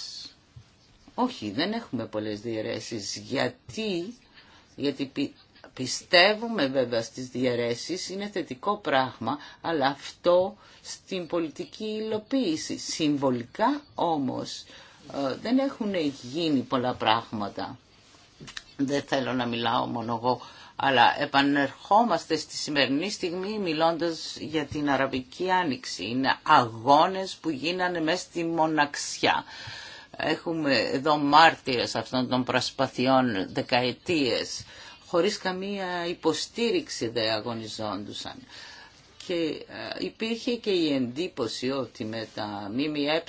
Όχι, δεν έχουμε πολλές διαιρέσεις. Γιατί, γιατί πιστεύουμε βέβαια στις διαιρέσεις, είναι θετικό πράγμα, αλλά αυτό στην πολιτική υλοποίηση. Συμβολικά όμως ε, δεν έχουν γίνει πολλά πράγματα. Δεν θέλω να μιλάω μόνο εγώ αλλά επανερχόμαστε στη σημερινή στιγμή μιλώντας για την Αραβική Άνοιξη. Είναι αγώνες που γίνανε μέσα στη μοναξιά. Έχουμε εδώ μάρτυρες αυτών των προσπαθειών δεκαετίες, χωρίς καμία υποστήριξη δεν αγωνιζόντουσαν. Και ε, υπήρχε και η εντύπωση ότι με τα ΜΜΕ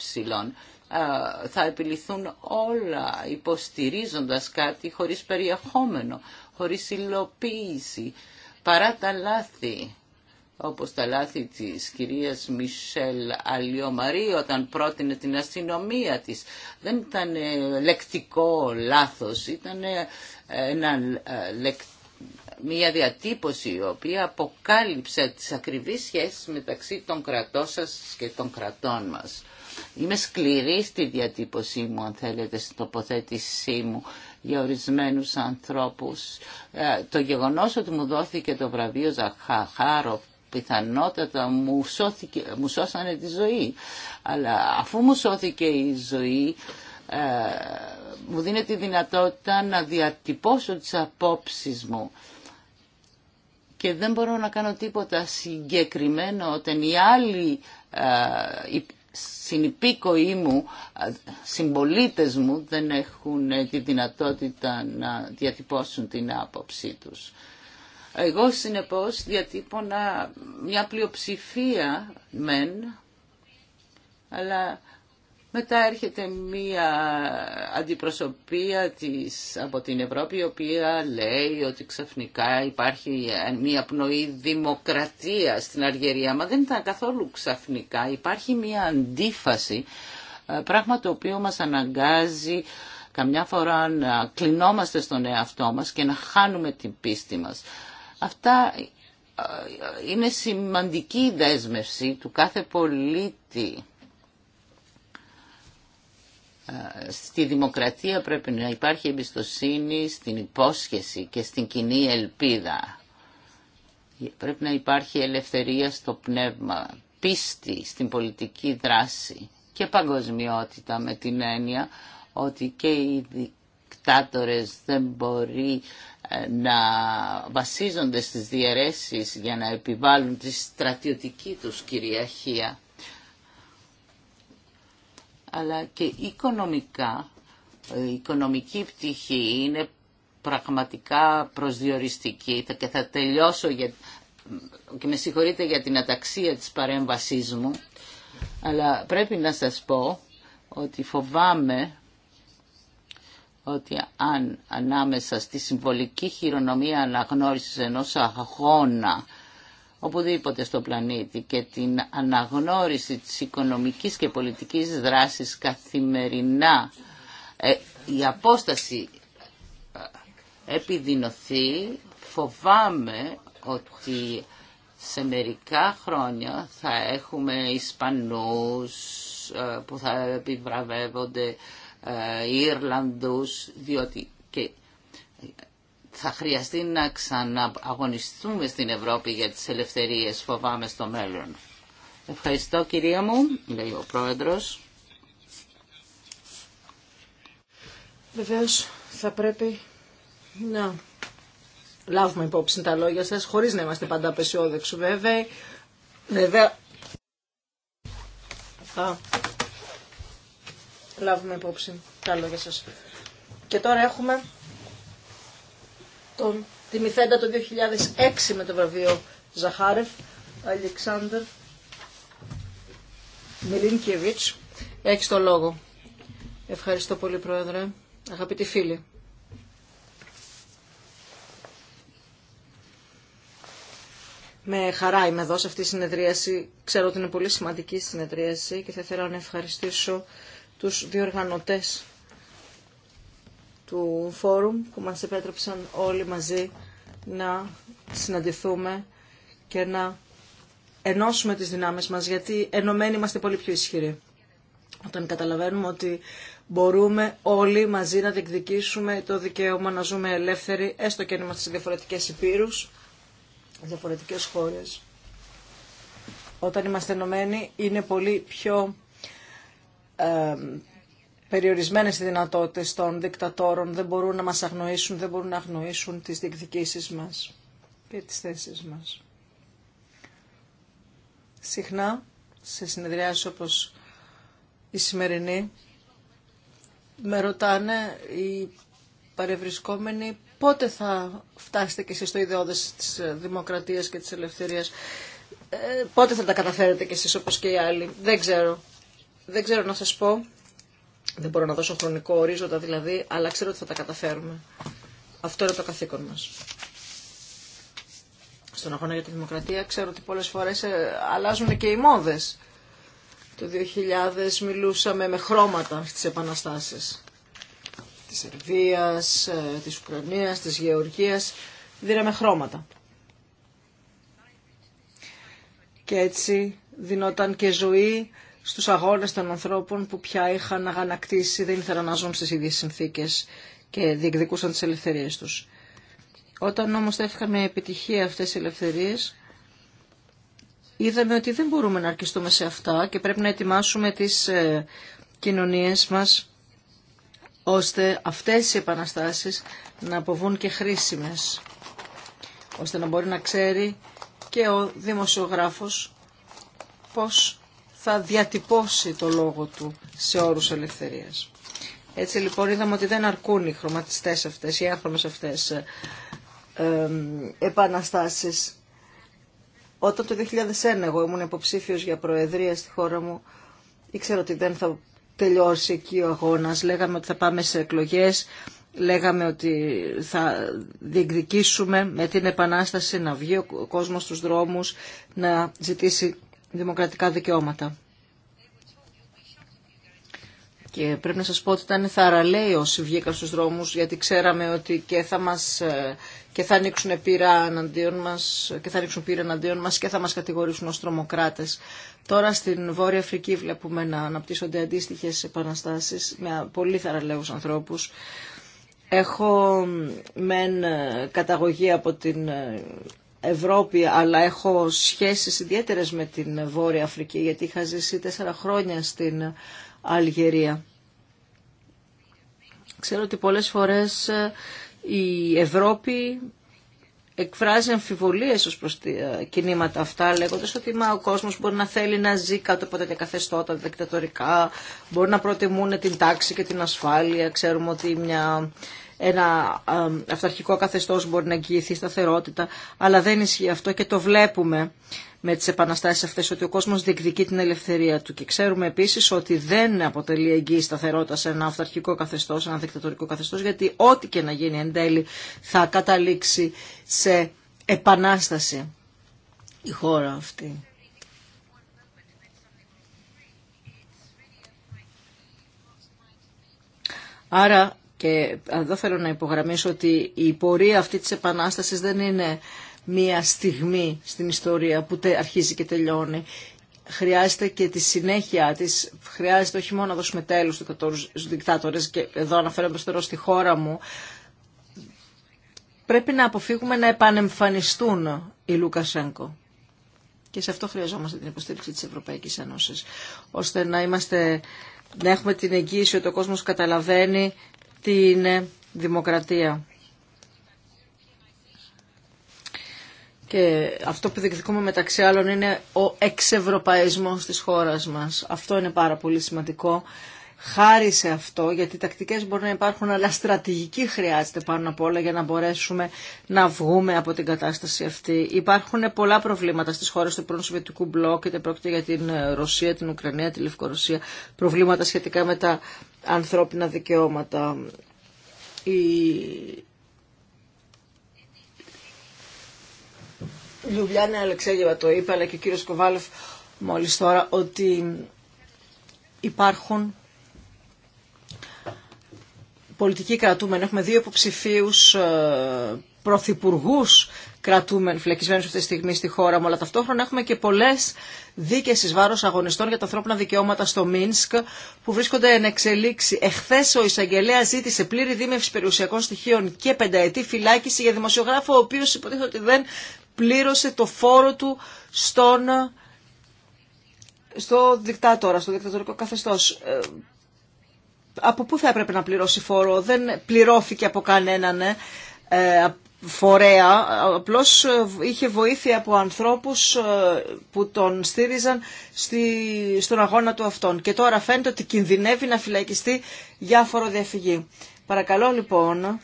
ε, θα επιληθούν όλα υποστηρίζοντας κάτι χωρίς περιεχόμενο χωρίς υλοποίηση, παρά τα λάθη, όπως τα λάθη της κυρίας Μισελ Αλιομαρή όταν πρότεινε την αστυνομία της. Δεν ήταν ε, λεκτικό λάθος, ήταν ε, ε, μια διατύπωση η οποία αποκάλυψε τις ακριβείς σχέσεις μεταξύ των κρατών και των κρατών μας. Είμαι σκληρή στη διατύπωσή μου, αν θέλετε, στην τοποθέτησή μου για ορισμένους ανθρώπους. Ε, το γεγονός ότι μου δόθηκε το βραβείο Ζαχάρο πιθανότατα μου, σώθηκε, μου σώσανε τη ζωή. Αλλά αφού μου σώθηκε η ζωή, ε, μου δίνει τη δυνατότητα να διατυπώσω τις απόψεις μου. Και δεν μπορώ να κάνω τίποτα συγκεκριμένο όταν οι άλλοι ε, συνυπήκοοι μου, συμπολίτες μου δεν έχουν ε, τη δυνατότητα να διατυπώσουν την άποψή τους. Εγώ συνεπώς διατύπωνα μια πλειοψηφία μεν, αλλά μετά έρχεται μία αντιπροσωπεία της, από την Ευρώπη η οποία λέει ότι ξαφνικά υπάρχει μία πνοή δημοκρατία στην Αργερία. Μα δεν ήταν καθόλου ξαφνικά. Υπάρχει μία αντίφαση, ε, πράγμα το οποίο μας αναγκάζει καμιά φορά να κλεινόμαστε στον εαυτό μας και να χάνουμε την πίστη μας. Αυτά ε, ε, είναι σημαντική δέσμευση του κάθε πολίτη στη δημοκρατία πρέπει να υπάρχει εμπιστοσύνη στην υπόσχεση και στην κοινή ελπίδα. Πρέπει να υπάρχει ελευθερία στο πνεύμα, πίστη στην πολιτική δράση και παγκοσμιότητα με την έννοια ότι και οι δικτάτορες δεν μπορεί ε, να βασίζονται στις διαιρέσεις για να επιβάλλουν τη στρατιωτική τους κυριαρχία αλλά και οικονομικά, ε, η οικονομική πτυχή είναι πραγματικά προσδιοριστική και θα τελειώσω για, και με συγχωρείτε για την αταξία της παρέμβασής μου, αλλά πρέπει να σας πω ότι φοβάμαι ότι αν ανάμεσα στη συμβολική χειρονομία αναγνώρισης ενός αγώνα οπουδήποτε στο πλανήτη και την αναγνώριση της οικονομικής και πολιτικής δράσης καθημερινά ε, η απόσταση ε, επιδεινωθεί φοβάμαι ότι σε μερικά χρόνια θα έχουμε Ισπανούς ε, που θα επιβραβεύονται Ιρλανδούς διότι και θα χρειαστεί να ξανααγωνιστούμε στην Ευρώπη για τις ελευθερίες, φοβάμαι στο μέλλον. Ευχαριστώ κυρία μου, λέει ο Πρόεδρος. Βεβαίως θα πρέπει να λάβουμε υπόψη τα λόγια σας, χωρίς να είμαστε πάντα απεσιόδεξοι βέβαια. Βέβαια θα λάβουμε υπόψη τα λόγια σας. Και τώρα έχουμε τον τιμηθέντα το 2006 με το βραβείο Ζαχάρεφ, Αλεξάνδρ Μιλίνκεβιτς. Έχει το λόγο. Ευχαριστώ πολύ Πρόεδρε. Αγαπητοί φίλοι. Με χαρά είμαι εδώ σε αυτή τη συνεδρίαση. Ξέρω ότι είναι πολύ σημαντική συνεδρίαση και θα ήθελα να ευχαριστήσω τους διοργανωτές του φόρουμ που μας επέτρεψαν όλοι μαζί να συναντηθούμε και να ενώσουμε τις δυνάμεις μας γιατί ενωμένοι είμαστε πολύ πιο ισχυροί. Όταν καταλαβαίνουμε ότι μπορούμε όλοι μαζί να διεκδικήσουμε το δικαίωμα να ζούμε ελεύθεροι έστω και αν είμαστε σε διαφορετικές υπήρους, διαφορετικές χώρες. Όταν είμαστε ενωμένοι είναι πολύ πιο ε, περιορισμένες οι δυνατότητες των δικτατόρων, δεν μπορούν να μας αγνοήσουν, δεν μπορούν να αγνοήσουν τις διεκδικήσεις μας και τις θέσεις μας. Συχνά, σε συνεδριάσεις όπως η σημερινή, με ρωτάνε οι παρευρισκόμενοι πότε θα φτάσετε και εσείς στο ιδεώδες της δημοκρατίας και της ελευθερίας. Ε, πότε θα τα καταφέρετε και εσείς όπως και οι άλλοι. Δεν ξέρω. Δεν ξέρω να σας πω. Δεν μπορώ να δώσω χρονικό ορίζοντα δηλαδή, αλλά ξέρω ότι θα τα καταφέρουμε. Αυτό είναι το καθήκον μας. Στον αγώνα για τη δημοκρατία ξέρω ότι πολλές φορές ε, αλλάζουν και οι μόδες. Το 2000 μιλούσαμε με χρώματα στις επαναστάσεις. Της Σερβίας, ε, της Ουκρανίας, της Γεωργίας. Δίναμε χρώματα. Και έτσι δινόταν και ζωή στους αγώνες των ανθρώπων που πια είχαν αγανακτήσει, δεν ήθελαν να ζουν στις ίδιες συνθήκες και διεκδικούσαν τις ελευθερίες τους. Όταν όμως έφυγαν με επιτυχία αυτές οι ελευθερίες, είδαμε ότι δεν μπορούμε να αρκιστούμε σε αυτά και πρέπει να ετοιμάσουμε τις ε, κοινωνίες μας ώστε αυτές οι επαναστάσεις να αποβούν και χρήσιμες, ώστε να μπορεί να ξέρει και ο δημοσιογράφος πώς θα διατυπώσει το λόγο του σε όρους ελευθερίας. Έτσι λοιπόν είδαμε ότι δεν αρκούν οι χρωματιστές αυτές, οι άχρωμες αυτές ε, επαναστάσεις. Όταν το 2001 εγώ ήμουν υποψήφιος για προεδρία στη χώρα μου, ήξερα ότι δεν θα τελειώσει εκεί ο αγώνας. Λέγαμε ότι θα πάμε σε εκλογές, λέγαμε ότι θα διεκδικήσουμε με την επανάσταση να βγει ο κόσμος στους δρόμους, να ζητήσει δημοκρατικά δικαιώματα. Και πρέπει να σας πω ότι ήταν θαραλέοι όσοι βγήκαν στους δρόμους, γιατί ξέραμε ότι και θα, μας, ε, και θα ανοίξουν πύρα ανάντιον μας και θα ανοίξουν πύρα εναντίον μας και θα μας κατηγορήσουν ως τρομοκράτες. Τώρα στην Βόρεια Αφρική βλέπουμε να αναπτύσσονται αντίστοιχε επαναστάσεις με πολύ θαραλέους ανθρώπους. Έχω μεν ε, καταγωγή από την ε, Ευρώπη, αλλά έχω σχέσεις ιδιαίτερες με την Βόρεια Αφρική, γιατί είχα ζήσει τέσσερα χρόνια στην Αλγερία. Ξέρω ότι πολλές φορές ε, η Ευρώπη εκφράζει αμφιβολίες ως προς τα ε, κινήματα αυτά, λέγοντας ότι μα, ο κόσμος μπορεί να θέλει να ζει κάτω από τέτοια καθεστώτα δεκτατορικά, μπορεί να προτιμούν την τάξη και την ασφάλεια. Ξέρουμε ότι μια ένα αυταρχικό καθεστώς μπορεί να εγγυηθεί σταθερότητα, αλλά δεν ισχύει αυτό και το βλέπουμε με τις επαναστάσεις αυτές ότι ο κόσμος διεκδικεί την ελευθερία του και ξέρουμε επίσης ότι δεν αποτελεί εγγύη σταθερότητα σε ένα αυταρχικό καθεστώς, σε ένα δικτατορικό καθεστώς γιατί ό,τι και να γίνει εν τέλει θα καταλήξει σε επανάσταση η χώρα αυτή. Άρα και εδώ θέλω να υπογραμμίσω ότι η πορεία αυτή της επανάστασης δεν είναι μία στιγμή στην ιστορία που αρχίζει και τελειώνει. Χρειάζεται και τη συνέχεια της, χρειάζεται όχι μόνο να δώσουμε τέλος στους δικτάτορες και εδώ αναφέρομαι τώρα στη χώρα μου, πρέπει να αποφύγουμε να επανεμφανιστούν οι Λουκασέγκο. Και σε αυτό χρειαζόμαστε την υποστήριξη της Ευρωπαϊκής Ένωσης, ώστε να, είμαστε, να έχουμε την εγγύηση ότι ο κόσμος καταλαβαίνει τι είναι δημοκρατία. Και αυτό που διεκδικούμε μεταξύ άλλων είναι ο εξευρωπαϊσμός της χώρας μας. Αυτό είναι πάρα πολύ σημαντικό. Χάρη σε αυτό, γιατί τακτικές μπορεί να υπάρχουν, αλλά στρατηγική χρειάζεται πάνω απ' όλα για να μπορέσουμε να βγούμε από την κατάσταση αυτή. Υπάρχουν πολλά προβλήματα στις χώρες του πρώην Σοβιετικού Μπλοκ, είτε πρόκειται για την Ρωσία, την Ουκρανία, τη Λευκορωσία, προβλήματα σχετικά με τα ανθρώπινα δικαιώματα. Η Λουβιάννα Αλεξέγεβα το είπε, αλλά και ο κύριος Κοβάλεφ μόλις τώρα, ότι υπάρχουν πολιτικοί κρατούμενοι. Έχουμε δύο υποψηφίους ε, πρωθυπουργού κρατούμεν φυλακισμένου αυτή τη στιγμή στη χώρα μου, αλλά ταυτόχρονα έχουμε και πολλέ δίκε ει βάρο αγωνιστών για τα ανθρώπινα δικαιώματα στο Μίνσκ που βρίσκονται εν εξελίξη. Εχθέ ο εισαγγελέα ζήτησε πλήρη δίμευση περιουσιακών στοιχείων και πενταετή φυλάκιση για δημοσιογράφο, ο οποίο υποτίθεται ότι δεν πλήρωσε το φόρο του στον στο δικτάτορα, στο δικτατορικό καθεστώς. Ε, από πού θα έπρεπε να πληρώσει φόρο, δεν πληρώθηκε από κανέναν. ε, φορέα, απλώς ε, είχε βοήθεια από ανθρώπους ε, που τον στήριζαν στη, στον αγώνα του αυτόν. Και τώρα φαίνεται ότι κινδυνεύει να φυλακιστεί για φοροδιαφυγή. Παρακαλώ λοιπόν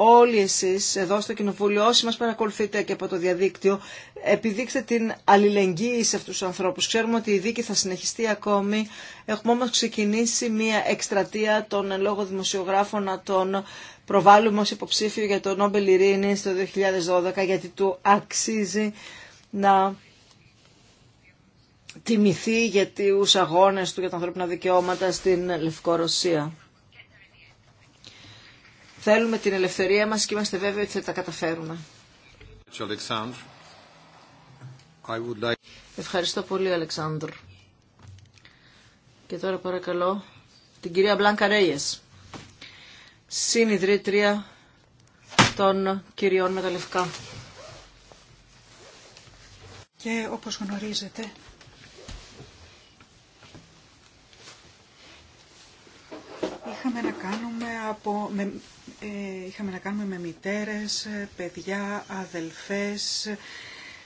όλοι εσείς εδώ στο Κοινοβούλιο, όσοι μας παρακολουθείτε και από το διαδίκτυο, επιδείξτε την αλληλεγγύη σε αυτούς τους ανθρώπους. Ξέρουμε ότι η δίκη θα συνεχιστεί ακόμη. Έχουμε όμως ξεκινήσει μια εκστρατεία των λόγω δημοσιογράφων να τον προβάλλουμε ως υποψήφιο για το Νόμπελ Ιρήνη το 2012 γιατί του αξίζει να τιμηθεί για τους αγώνες του για τα ανθρώπινα δικαιώματα στην Λευκορωσία. Θέλουμε την ελευθερία μας και είμαστε βέβαιοι ότι θα τα καταφέρουμε. Ευχαριστώ πολύ, Αλεξάνδρου. Και τώρα παρακαλώ την κυρία Μπλάνκα Ρέιες συνειδρήτρια των κυριών με Και όπως γνωρίζετε, είχαμε να κάνουμε, από, με, ε, είχαμε να κάνουμε με μητέρες, παιδιά, αδελφές,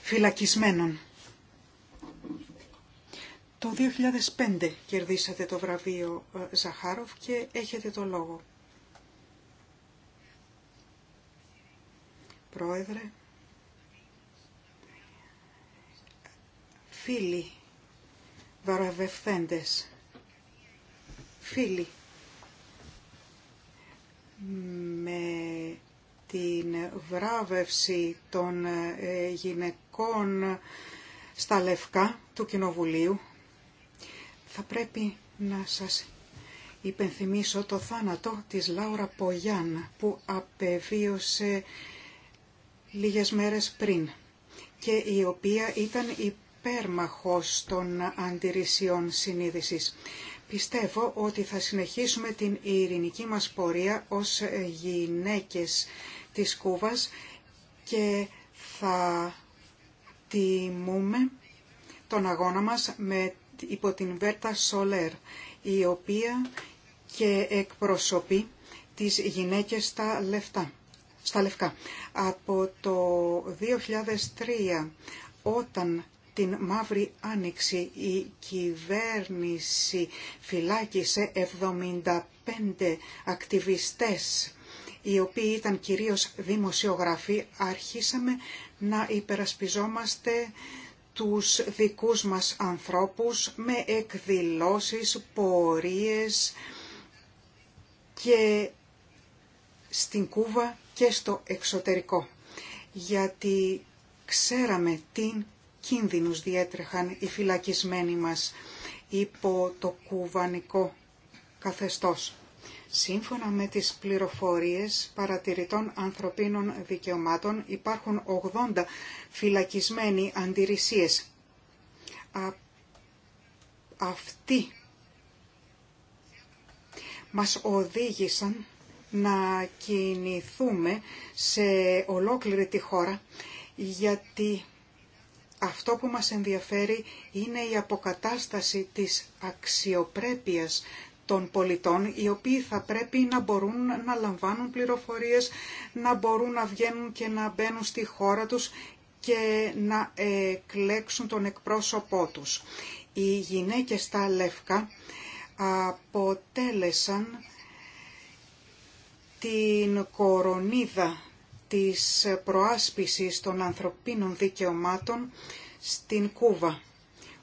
φυλακισμένων. Το 2005 κερδίσατε το βραβείο ε, Ζαχάροφ και έχετε το λόγο. Πρόεδρε. Φίλοι, βαραβευθέντες, φίλοι, με την βράβευση των ε, γυναικών στα Λευκά του Κοινοβουλίου, θα πρέπει να σας υπενθυμίσω το θάνατο της Λάουρα Πογιάν που απεβίωσε λίγες μέρες πριν και η οποία ήταν υπέρμαχος των αντιρρησιών συνείδησης. Πιστεύω ότι θα συνεχίσουμε την ειρηνική μας πορεία ως γυναίκες της Κούβας και θα τιμούμε τον αγώνα μας με, υπό την Βέρτα Σολέρ, η οποία και εκπροσωπεί τις γυναίκες στα λεφτά στα λευκά. Από το 2003 όταν την Μαύρη Άνοιξη η κυβέρνηση φυλάκισε 75 ακτιβιστές οι οποίοι ήταν κυρίως δημοσιογράφοι, αρχίσαμε να υπερασπιζόμαστε τους δικούς μας ανθρώπους με εκδηλώσεις, πορείες και στην Κούβα και στο εξωτερικό. Γιατί ξέραμε τι κίνδυνους διέτρεχαν οι φυλακισμένοι μας υπό το κουβανικό καθεστώς. Σύμφωνα με τις πληροφορίες παρατηρητών ανθρωπίνων δικαιωμάτων υπάρχουν 80 φυλακισμένοι αντιρρησίες. Α, αυτοί μας οδήγησαν να κινηθούμε σε ολόκληρη τη χώρα, γιατί αυτό που μας ενδιαφέρει είναι η αποκατάσταση της αξιοπρέπειας των πολιτών, οι οποίοι θα πρέπει να μπορούν να λαμβάνουν πληροφορίες, να μπορούν να βγαίνουν και να μπαίνουν στη χώρα τους και να εκλέξουν τον εκπρόσωπό τους. Οι γυναίκες στα Λεύκα αποτέλεσαν την κορονίδα της προάσπισης των ανθρωπίνων δικαιωμάτων στην Κούβα,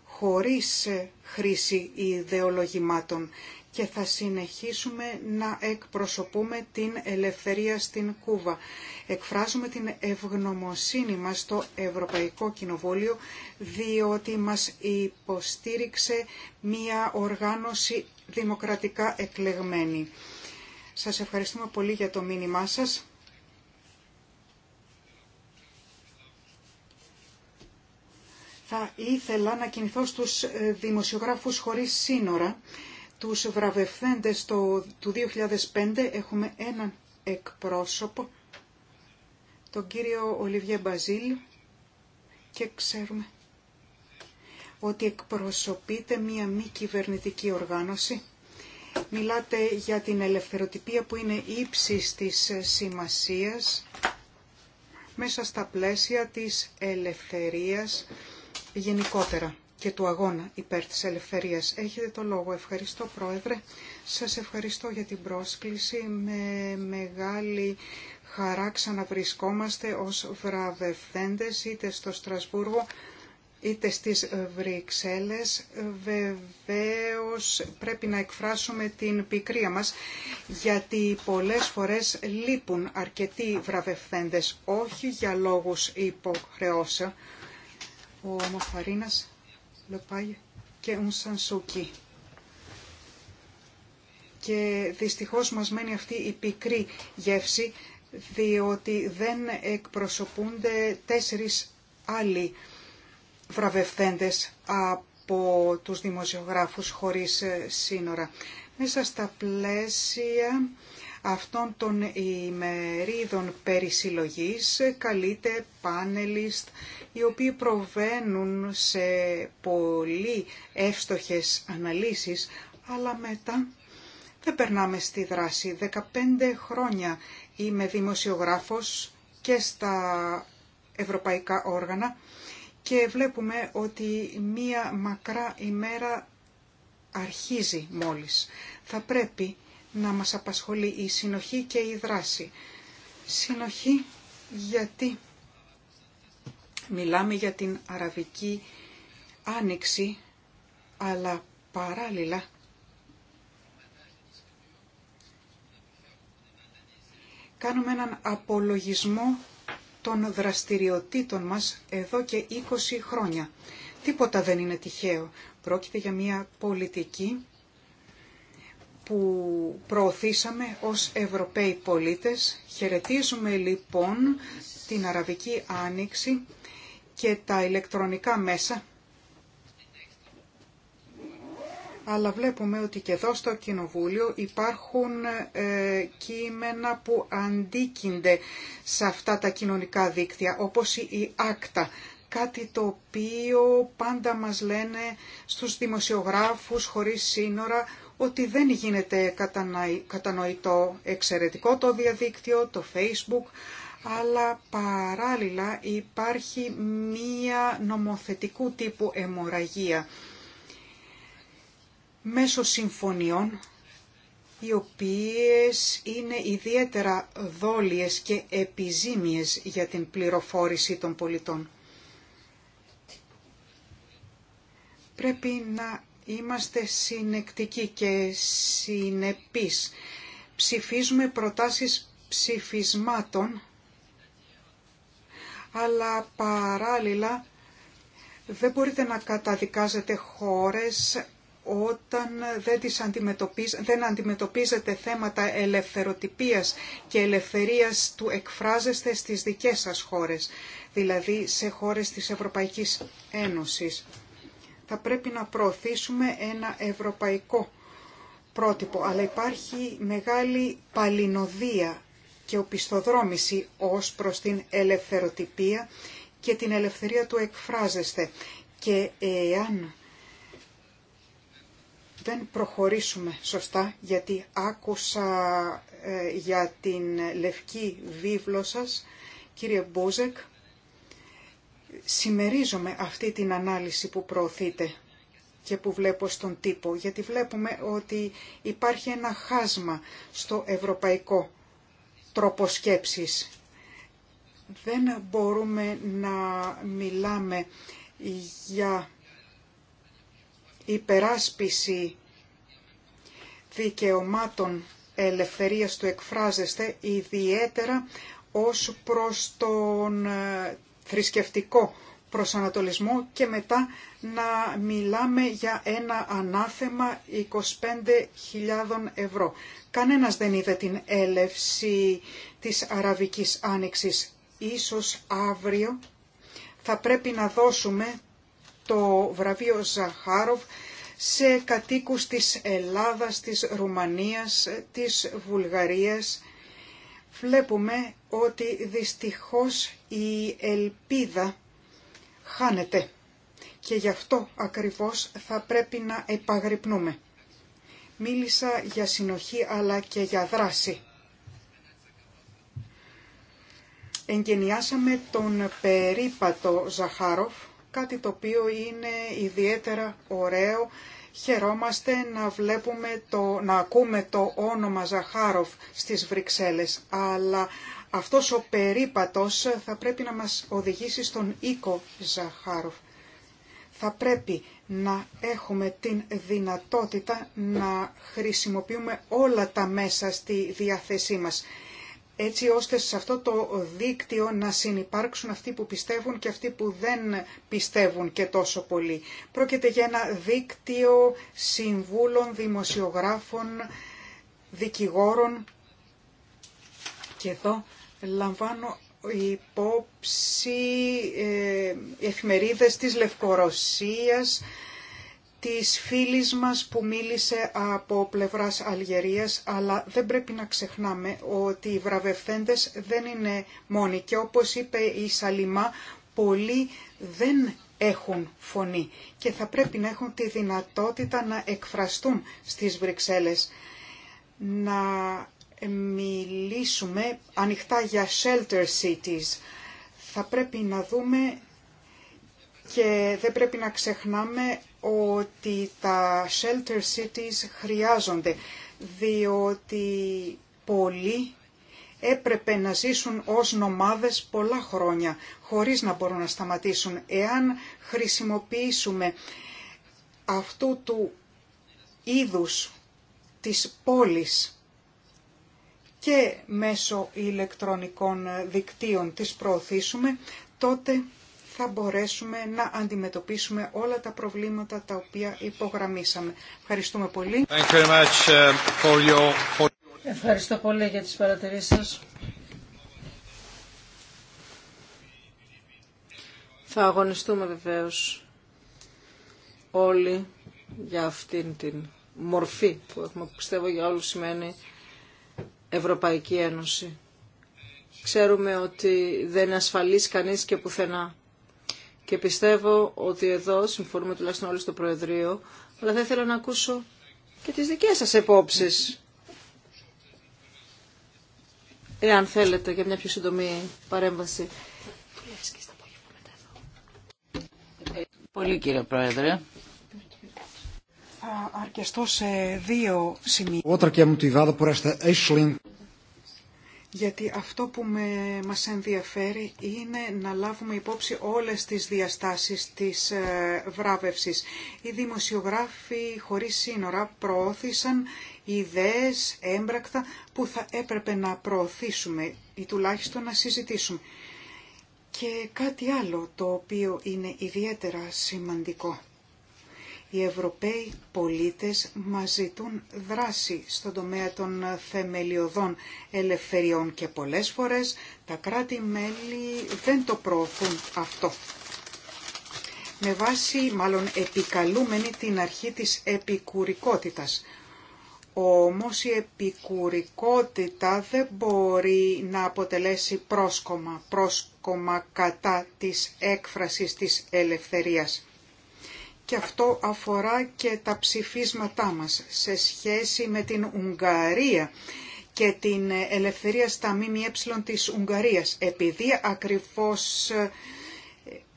χωρίς χρήση ιδεολογημάτων και θα συνεχίσουμε να εκπροσωπούμε την ελευθερία στην Κούβα. Εκφράζουμε την ευγνωμοσύνη μας στο Ευρωπαϊκό Κοινοβούλιο διότι μας υποστήριξε μια οργάνωση δημοκρατικά εκλεγμένη. Σας ευχαριστούμε πολύ για το μήνυμά σας. Θα ήθελα να κινηθώ στους ε, δημοσιογράφους χωρίς σύνορα. Τους βραβευθέντες το, του 2005 έχουμε έναν εκπρόσωπο, τον κύριο Ολιβιέ Μπαζίλ και ξέρουμε ότι εκπροσωπείται μία μη κυβερνητική οργάνωση Μιλάτε για την ελευθεροτυπία που είναι ύψης της σημασίας μέσα στα πλαίσια της ελευθερίας γενικότερα και του αγώνα υπέρ της ελευθερίας. Έχετε το λόγο. Ευχαριστώ Πρόεδρε. Σας ευχαριστώ για την πρόσκληση. Με μεγάλη χαρά ξαναβρισκόμαστε ως βραβευθέντες είτε στο Στρασβούργο είτε στις Βρυξέλλες, βεβαίως πρέπει να εκφράσουμε την πικρία μας, γιατί πολλές φορές λείπουν αρκετοί βραβευθέντες, όχι για λόγους υποχρεώσεων. Ο μοφαρίνας Λεπάγε και ο Σανσούκη. Και δυστυχώς μας μένει αυτή η πικρή γεύση, διότι δεν εκπροσωπούνται τέσσερις άλλοι βραβευθέντες από τους δημοσιογράφους χωρίς ε, σύνορα. Μέσα στα πλαίσια αυτών των ημερίδων περισυλλογής ε, καλείται πάνελιστ οι οποίοι προβαίνουν σε πολύ εύστοχες αναλύσεις αλλά μετά δεν περνάμε στη δράση. 15 χρόνια είμαι δημοσιογράφος και στα ευρωπαϊκά όργανα και βλέπουμε ότι μία μακρά ημέρα αρχίζει μόλις. Θα πρέπει να μας απασχολεί η συνοχή και η δράση. Συνοχή γιατί μιλάμε για την αραβική άνοιξη, αλλά παράλληλα κάνουμε έναν απολογισμό των δραστηριοτήτων μας εδώ και 20 χρόνια. Τίποτα δεν είναι τυχαίο. Πρόκειται για μια πολιτική που προωθήσαμε ως Ευρωπαίοι πολίτες. Χαιρετίζουμε λοιπόν την Αραβική Άνοιξη και τα ηλεκτρονικά μέσα αλλά βλέπουμε ότι και εδώ στο Κοινοβούλιο υπάρχουν ε, κείμενα που αντίκυνται σε αυτά τα κοινωνικά δίκτυα, όπως η άκτα. Κάτι το οποίο πάντα μας λένε στους δημοσιογράφους χωρίς σύνορα ότι δεν γίνεται κατανοητό εξαιρετικό το διαδίκτυο, το facebook, αλλά παράλληλα υπάρχει μία νομοθετικού τύπου αιμορραγία μέσω συμφωνιών οι οποίες είναι ιδιαίτερα δόλιες και επιζήμιες για την πληροφόρηση των πολιτών. Πρέπει να είμαστε συνεκτικοί και συνεπείς. Ψηφίζουμε προτάσεις ψηφισμάτων, αλλά παράλληλα δεν μπορείτε να καταδικάζετε χώρες όταν δεν, τις δεν αντιμετωπίζετε θέματα ελευθεροτυπίας και ελευθερίας του εκφράζεστε στις δικές σας χώρες, δηλαδή σε χώρες της Ευρωπαϊκής Ένωσης. Θα πρέπει να προωθήσουμε ένα ευρωπαϊκό πρότυπο, αλλά υπάρχει μεγάλη παλινοδία και οπισθοδρόμηση ως προς την ελευθεροτυπία και την ελευθερία του εκφράζεστε. Και εάν δεν προχωρήσουμε σωστά γιατί άκουσα ε, για την λευκή βίβλο σας, κύριε Μπούζεκ. Σημερίζομαι αυτή την ανάλυση που προωθείτε και που βλέπω στον τύπο, γιατί βλέπουμε ότι υπάρχει ένα χάσμα στο ευρωπαϊκό τρόπο σκέψης. Δεν μπορούμε να μιλάμε για υπεράσπιση δικαιωμάτων ελευθερίας του εκφράζεστε ιδιαίτερα ως προς τον ε, θρησκευτικό προσανατολισμό και μετά να μιλάμε για ένα ανάθεμα 25.000 ευρώ. Κανένας δεν είδε την έλευση της Αραβικής Άνοιξης. Ίσως αύριο θα πρέπει να δώσουμε το βραβείο Ζαχάροφ σε κατοίκους της Ελλάδας, της Ρουμανίας, της Βουλγαρίας. Βλέπουμε ότι δυστυχώς η ελπίδα χάνεται και γι' αυτό ακριβώς θα πρέπει να επαγρυπνούμε. Μίλησα για συνοχή αλλά και για δράση. Εγκαινιάσαμε τον περίπατο Ζαχάροφ κάτι το οποίο είναι ιδιαίτερα ωραίο. Χαιρόμαστε να, βλέπουμε το, να ακούμε το όνομα Ζαχάροφ στις Βρυξέλλες, αλλά αυτός ο περίπατος θα πρέπει να μας οδηγήσει στον οίκο Ζαχάροφ. Θα πρέπει να έχουμε την δυνατότητα να χρησιμοποιούμε όλα τα μέσα στη διάθεσή μας έτσι ώστε σε αυτό το δίκτυο να συνεπάρξουν αυτοί που πιστεύουν και αυτοί που δεν πιστεύουν και τόσο πολύ. Πρόκειται για ένα δίκτυο συμβούλων, δημοσιογράφων, δικηγόρων και εδώ λαμβάνω υπόψη ε, εφημερίδες της Λευκορωσίας, της φίλης μας που μίλησε από πλευράς Αλγερίας, αλλά δεν πρέπει να ξεχνάμε ότι οι βραβευθέντες δεν είναι μόνοι και όπως είπε η Σαλιμά, πολλοί δεν έχουν φωνή και θα πρέπει να έχουν τη δυνατότητα να εκφραστούν στις Βρυξέλλες. Να μιλήσουμε ανοιχτά για shelter cities. Θα πρέπει να δούμε και δεν πρέπει να ξεχνάμε ότι τα shelter cities χρειάζονται, διότι πολλοί έπρεπε να ζήσουν ως νομάδες πολλά χρόνια, χωρίς να μπορούν να σταματήσουν. Εάν χρησιμοποιήσουμε αυτού του είδους της πόλης και μέσω ηλεκτρονικών δικτύων τις προωθήσουμε, τότε θα μπορέσουμε να αντιμετωπίσουμε όλα τα προβλήματα τα οποία υπογραμμίσαμε. Ευχαριστούμε πολύ. Uh, Ευχαριστώ πολύ για τις παρατηρήσεις σας. Θα αγωνιστούμε βεβαίως όλοι για αυτήν την μορφή που έχουμε πιστεύω για όλους σημαίνει Ευρωπαϊκή Ένωση. Ξέρουμε ότι δεν ασφαλίσει κανείς και πουθενά και πιστεύω ότι εδώ συμφωνούμε τουλάχιστον όλοι στο Προεδρείο, αλλά θα ήθελα να ακούσω και τις δικές σας επόψεις. Εάν θέλετε για μια πιο σύντομη παρέμβαση. Πολύ κύριε Πρόεδρε. Θα αρκεστώ σε δύο σημεία γιατί αυτό που με, μας ενδιαφέρει είναι να λάβουμε υπόψη όλες τις διαστάσεις της ε, βράβευσης. Οι δημοσιογράφοι χωρίς σύνορα προώθησαν ιδέες έμπρακτα που θα έπρεπε να προωθήσουμε ή τουλάχιστον να συζητήσουμε. Και κάτι άλλο το οποίο είναι ιδιαίτερα σημαντικό. Οι Ευρωπαίοι πολίτες μας ζητούν δράση στον τομέα των θεμελιωδών ελευθεριών και πολλές φορές τα κράτη-μέλη δεν το προωθούν αυτό. Με βάση, μάλλον επικαλούμενη την αρχή της επικουρικότητας. Όμως η επικουρικότητα δεν μπορεί να αποτελέσει πρόσκομα, πρόσκομα κατά της έκφρασης της ελευθερίας και αυτό αφορά και τα ψηφίσματά μας σε σχέση με την Ουγγαρία και την ελευθερία στα ΜΜΕ της Ουγγαρίας. Επειδή ακριβώς ε,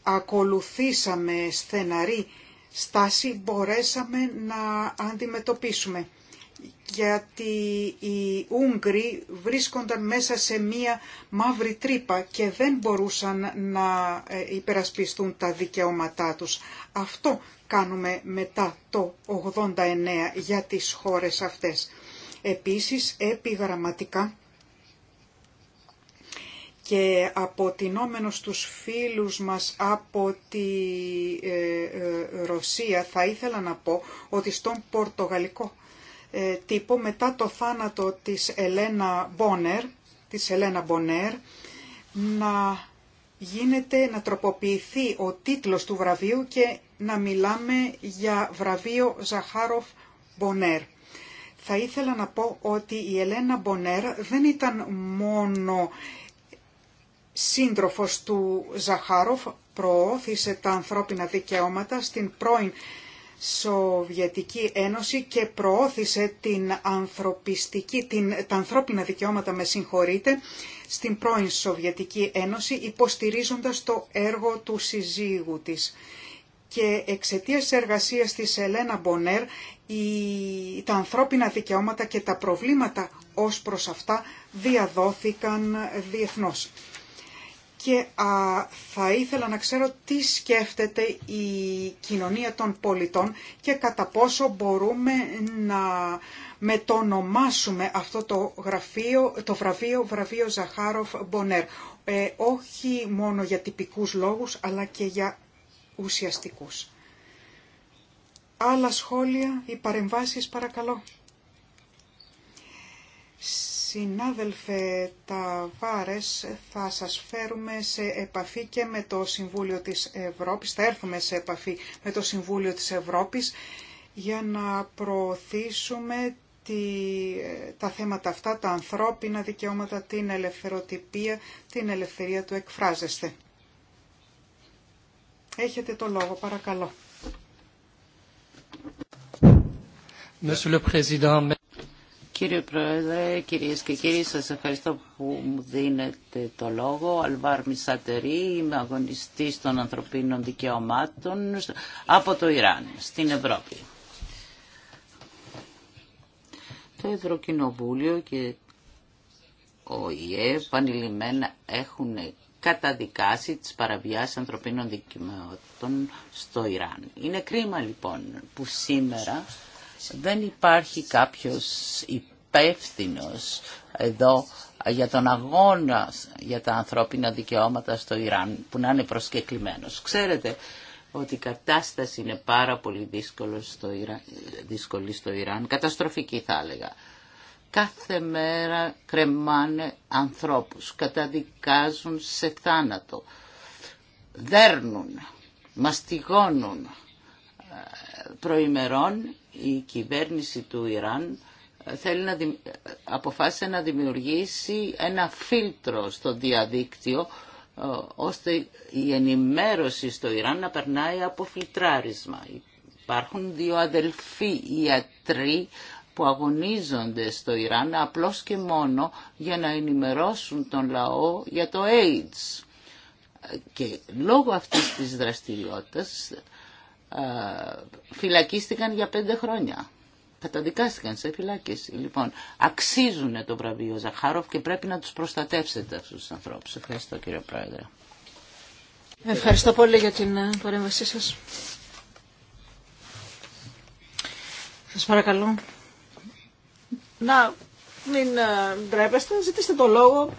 ακολουθήσαμε στεναρή στάση μπορέσαμε να αντιμετωπίσουμε γιατί οι Ούγγροι βρίσκονταν μέσα σε μία μαύρη τρύπα και δεν μπορούσαν να ε, υπερασπιστούν τα δικαιώματά τους. Αυτό κάνουμε μετά το 89 για τις χώρες αυτές. Επίσης, επιγραμματικά και αποτινόμενος τους φίλους μας από τη ε, ε, Ρωσία θα ήθελα να πω ότι στον πορτογαλικό ε, τύπο μετά το θάνατο της Ελένα Μπόνερ, της Ελένα Μπονέρ, να γίνεται να τροποποιηθεί ο τίτλος του βραβείου και να μιλάμε για βραβείο Ζαχάροφ Μπονέρ. Θα ήθελα να πω ότι η Ελένα Μπονέρ δεν ήταν μόνο σύντροφος του Ζαχάροφ, προώθησε τα ανθρώπινα δικαιώματα στην πρώην Σοβιετική Ένωση και προώθησε την ανθρωπιστική, την, τα ανθρώπινα δικαιώματα, με συγχωρείτε, στην πρώην Σοβιετική Ένωση υποστηρίζοντας το έργο του συζύγου της. Και εξαιτία εργασία εργασίας της Ελένα Μπονέρ, η, τα ανθρώπινα δικαιώματα και τα προβλήματα ως προς αυτά διαδόθηκαν διεθνώς και α, θα ήθελα να ξέρω τι σκέφτεται η κοινωνία των πολιτών και κατά πόσο μπορούμε να μετονομάσουμε αυτό το, γραφείο, το βραβείο, βραβείο Ζαχάροφ Μπονέρ. Ε, όχι μόνο για τυπικούς λόγους, αλλά και για ουσιαστικούς. Άλλα σχόλια ή παρεμβάσεις παρακαλώ. Συνάδελφε Ταβάρες, θα σας φέρουμε σε επαφή και με το Συμβούλιο της Ευρώπης, θα έρθουμε σε επαφή με το Συμβούλιο της Ευρώπης για να προωθήσουμε τη, τα θέματα αυτά, τα ανθρώπινα δικαιώματα, την ελευθεροτυπία, την ελευθερία του εκφράζεστε. Έχετε το λόγο, παρακαλώ. Monsieur le Κύριε Πρόεδρε, κυρίες και κύριοι, σας ευχαριστώ που μου δίνετε το λόγο. Αλβάρ Μισατερή, είμαι αγωνιστής των ανθρωπίνων δικαιωμάτων από το Ιράν, στην Ευρώπη. Το Ευρωκοινοβούλιο και ο ΙΕ πανηλημμένα έχουν καταδικάσει τις παραβιάσεις ανθρωπίνων δικαιωμάτων στο Ιράν. Είναι κρίμα λοιπόν που σήμερα δεν υπάρχει κάποιος υπεύθυνο εδώ για τον αγώνα για τα ανθρώπινα δικαιώματα στο Ιράν που να είναι προσκεκλημένος. Ξέρετε ότι η κατάσταση είναι πάρα πολύ στο Ιράν, δύσκολη στο Ιράν, καταστροφική θα έλεγα. Κάθε μέρα κρεμάνε ανθρώπους, καταδικάζουν σε θάνατο, δέρνουν, μαστιγώνουν. Ε, προημερών η κυβέρνηση του Ιράν θέλει να αποφάσισε να δημιουργήσει ένα φίλτρο στο διαδίκτυο ε, ώστε η ενημέρωση στο Ιράν να περνάει από φιλτράρισμα. Υπάρχουν δύο αδελφοί ιατροί που αγωνίζονται στο Ιράν απλώς και μόνο για να ενημερώσουν τον λαό για το AIDS. Και λόγω αυτής της δραστηριότητας ε, φυλακίστηκαν για πέντε χρόνια καταδικάστηκαν σε φυλάκιση. Λοιπόν, αξίζουν το βραβείο Ζαχάροφ και πρέπει να τους προστατεύσετε αυτούς τους ανθρώπους. Ευχαριστώ κύριε Πρόεδρε. Ευχαριστώ πολύ για την ε, παρέμβασή σας. Σας παρακαλώ. Να μην ε, ντρέπεστε, ζητήστε το λόγο.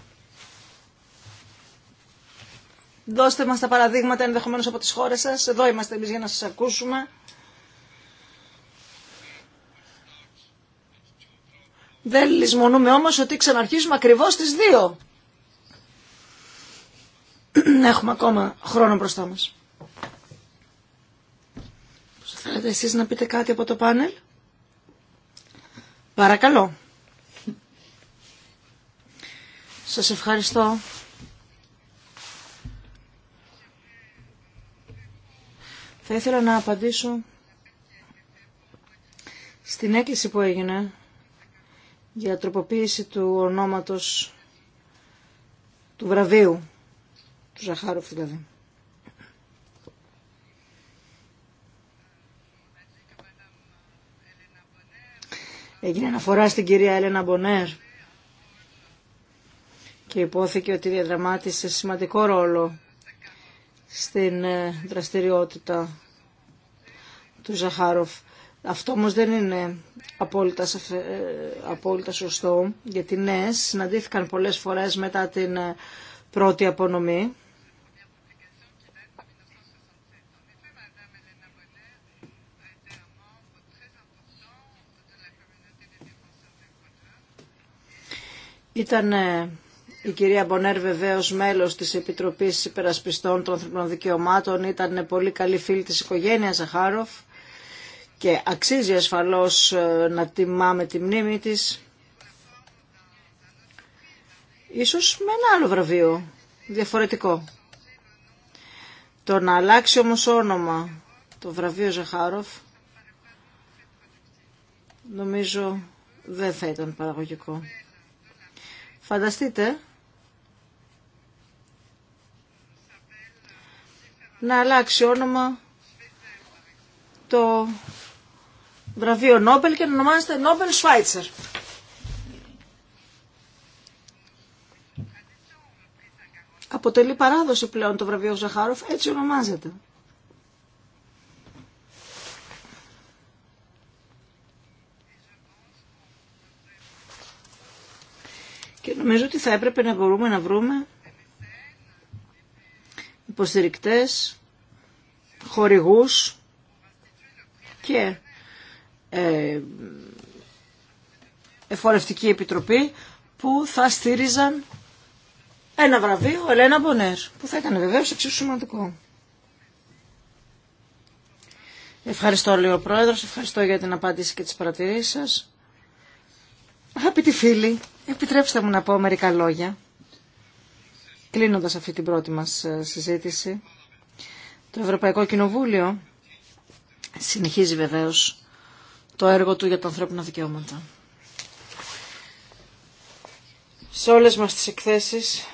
Δώστε μας τα παραδείγματα ενδεχομένως από τις χώρες σας. Εδώ είμαστε εμείς για να σας ακούσουμε. Δεν λησμονούμε όμως ότι ξαναρχίζουμε ακριβώς τις δύο. Έχουμε ακόμα χρόνο μπροστά μας. Θέλετε εσείς να πείτε κάτι από το πάνελ. Παρακαλώ. Σας ευχαριστώ. Θα ήθελα να απαντήσω στην έκκληση που έγινε για τροποποίηση του ονόματος του βραβείου, του Ζαχάροφ δηλαδή. Έγινε αναφορά στην κυρία Έλενα Μπονέρ και υπόθηκε ότι διαδραμάτισε σημαντικό ρόλο στην ε, δραστηριότητα του Ζαχάροφ. Αυτό όμως δεν είναι απόλυτα, σαφε, ε, απόλυτα σωστό, γιατί ναι, συναντήθηκαν πολλές φορές μετά την ε, πρώτη απονομή. Ήταν ε, η κυρία Μπονέρ βεβαίω μέλος της Επιτροπής Υπερασπιστών των Ανθρωπινών Δικαιωμάτων, ήταν πολύ καλή φίλη της οικογένειας Ζαχάροφ και αξίζει ασφαλώς ε, να τιμάμε τη μνήμη της ίσως με ένα άλλο βραβείο διαφορετικό το να αλλάξει όμως όνομα το βραβείο Ζαχάροφ νομίζω δεν θα ήταν παραγωγικό φανταστείτε να αλλάξει όνομα το βραβείο Νόμπελ και ονομάζεται Νόμπελ Σφάιτσερ. Αποτελεί παράδοση πλέον το βραβείο Ζαχάροφ, έτσι ονομάζεται. Και νομίζω ότι θα έπρεπε να μπορούμε να βρούμε υποστηρικτές, χορηγούς και ε, εφορευτική επιτροπή που θα στήριζαν ένα βραβείο Ελένα Μπονέρ, που θα ήταν βεβαίως εξίσου σημαντικό. Ευχαριστώ, λέει ο Πρόεδρος, ευχαριστώ για την απάντηση και τις παρατηρήσεις σας. Αγαπητοί φίλοι, επιτρέψτε μου να πω μερικά λόγια, κλείνοντας αυτή την πρώτη μας ε, συζήτηση. Το Ευρωπαϊκό Κοινοβούλιο συνεχίζει βεβαίως το έργο του για τα ανθρώπινα δικαιώματα. Σε όλες μας τις εκθέσεις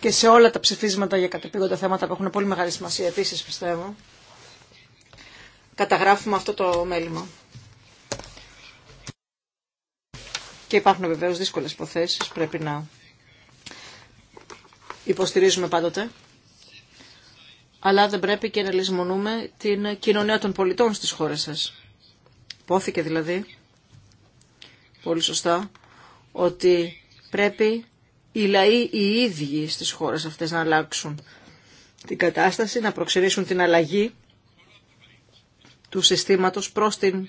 και σε όλα τα ψηφίσματα για κατεπήγοντα θέματα που έχουν πολύ μεγάλη σημασία επίσης πιστεύω καταγράφουμε αυτό το μέλημα. Και υπάρχουν βεβαίως δύσκολες υποθέσεις, πρέπει να υποστηρίζουμε πάντοτε αλλά δεν πρέπει και να λησμονούμε την κοινωνία των πολιτών στις χώρες σας. Πόθηκε δηλαδή, πολύ σωστά, ότι πρέπει οι λαοί οι ίδιοι στις χώρες αυτές να αλλάξουν την κατάσταση, να προξερήσουν την αλλαγή του συστήματος προς την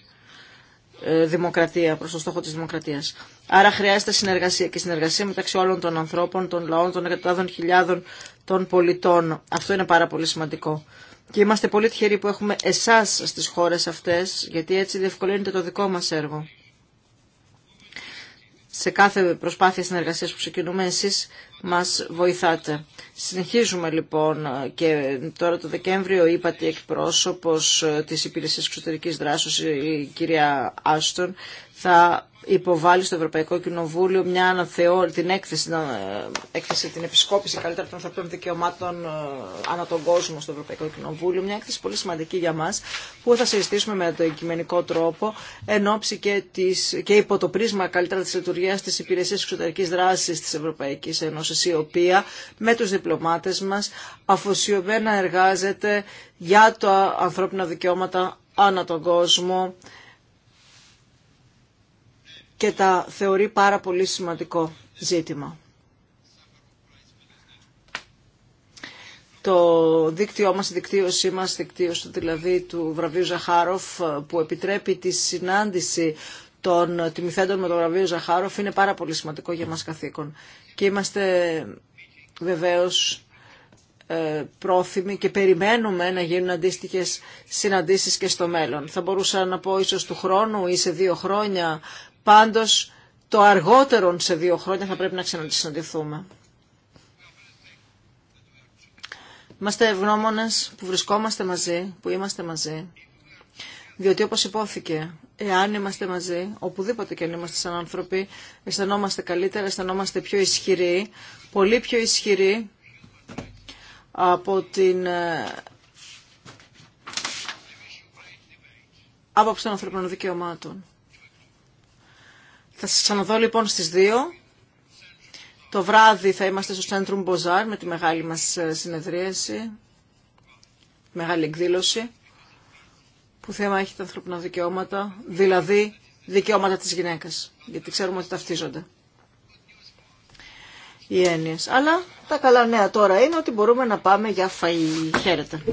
ε, δημοκρατία, προς το στόχο της δημοκρατίας. Άρα χρειάζεται συνεργασία και συνεργασία μεταξύ όλων των ανθρώπων, των λαών, των εκατοντάδων χιλιάδων των πολιτών. Αυτό είναι πάρα πολύ σημαντικό. Και είμαστε πολύ τυχεροί που έχουμε εσάς στις χώρες αυτές, γιατί έτσι διευκολύνεται το δικό μας έργο σε κάθε προσπάθεια συνεργασίας που ξεκινούμε εσείς μας βοηθάτε. Συνεχίζουμε λοιπόν και τώρα το Δεκέμβριο είπατε εκπρόσωπος ε, της Υπηρεσίας Εξωτερικής Δράσης η κυρία Άστον θα υποβάλει στο Ευρωπαϊκό Κοινοβούλιο μια αναθεώ, την έκθεση, έκθεση, την επισκόπηση καλύτερα των ανθρωπίνων δικαιωμάτων ε, ανά τον κόσμο στο Ευρωπαϊκό Κοινοβούλιο. Μια έκθεση πολύ σημαντική για μα που θα συζητήσουμε με τον κειμενικό τρόπο εν ώψη και, της, και υπό το πρίσμα καλύτερα τη λειτουργία τη Υπηρεσία Εξωτερική Δράση τη Ευρωπαϊκή Ένωση, η οποία με του διπλωμάτε μα αφοσιωμένα εργάζεται για τα ανθρώπινα δικαιώματα ανά τον κόσμο και τα θεωρεί πάρα πολύ σημαντικό ζήτημα. Το δίκτυό μας, η δικτύωσή μας, δικτύωση δηλαδή του βραβείου Ζαχάροφ που επιτρέπει τη συνάντηση των τιμηθέντων με το βραβείο Ζαχάροφ είναι πάρα πολύ σημαντικό για μας καθήκον. Και είμαστε βεβαίως ε, πρόθυμοι και περιμένουμε να γίνουν αντίστοιχε συναντήσεις και στο μέλλον. Θα μπορούσα να πω ίσως του χρόνου ή σε δύο χρόνια Πάντως το αργότερο σε δύο χρόνια θα πρέπει να ξανασυναντηθούμε. Είμαστε ευγνώμονες που βρισκόμαστε μαζί, που είμαστε μαζί. Διότι όπως υπόθηκε, εάν είμαστε μαζί, οπουδήποτε και αν είμαστε σαν άνθρωποι, αισθανόμαστε καλύτερα, αισθανόμαστε πιο ισχυροί, πολύ πιο ισχυροί από την ε, άποψη των ανθρωπινών δικαιωμάτων. Θα σας ξαναδώ λοιπόν στις 2. Το βράδυ θα είμαστε στο Centrum Bozar με τη μεγάλη μας ε, συνεδρίαση, μεγάλη εκδήλωση, που θέμα έχει τα ανθρώπινα δικαιώματα, δηλαδή δικαιώματα της γυναίκας, γιατί ξέρουμε ότι ταυτίζονται οι έννοιες. Αλλά τα καλά νέα τώρα είναι ότι μπορούμε να πάμε για φαΐ. Χαίρετε.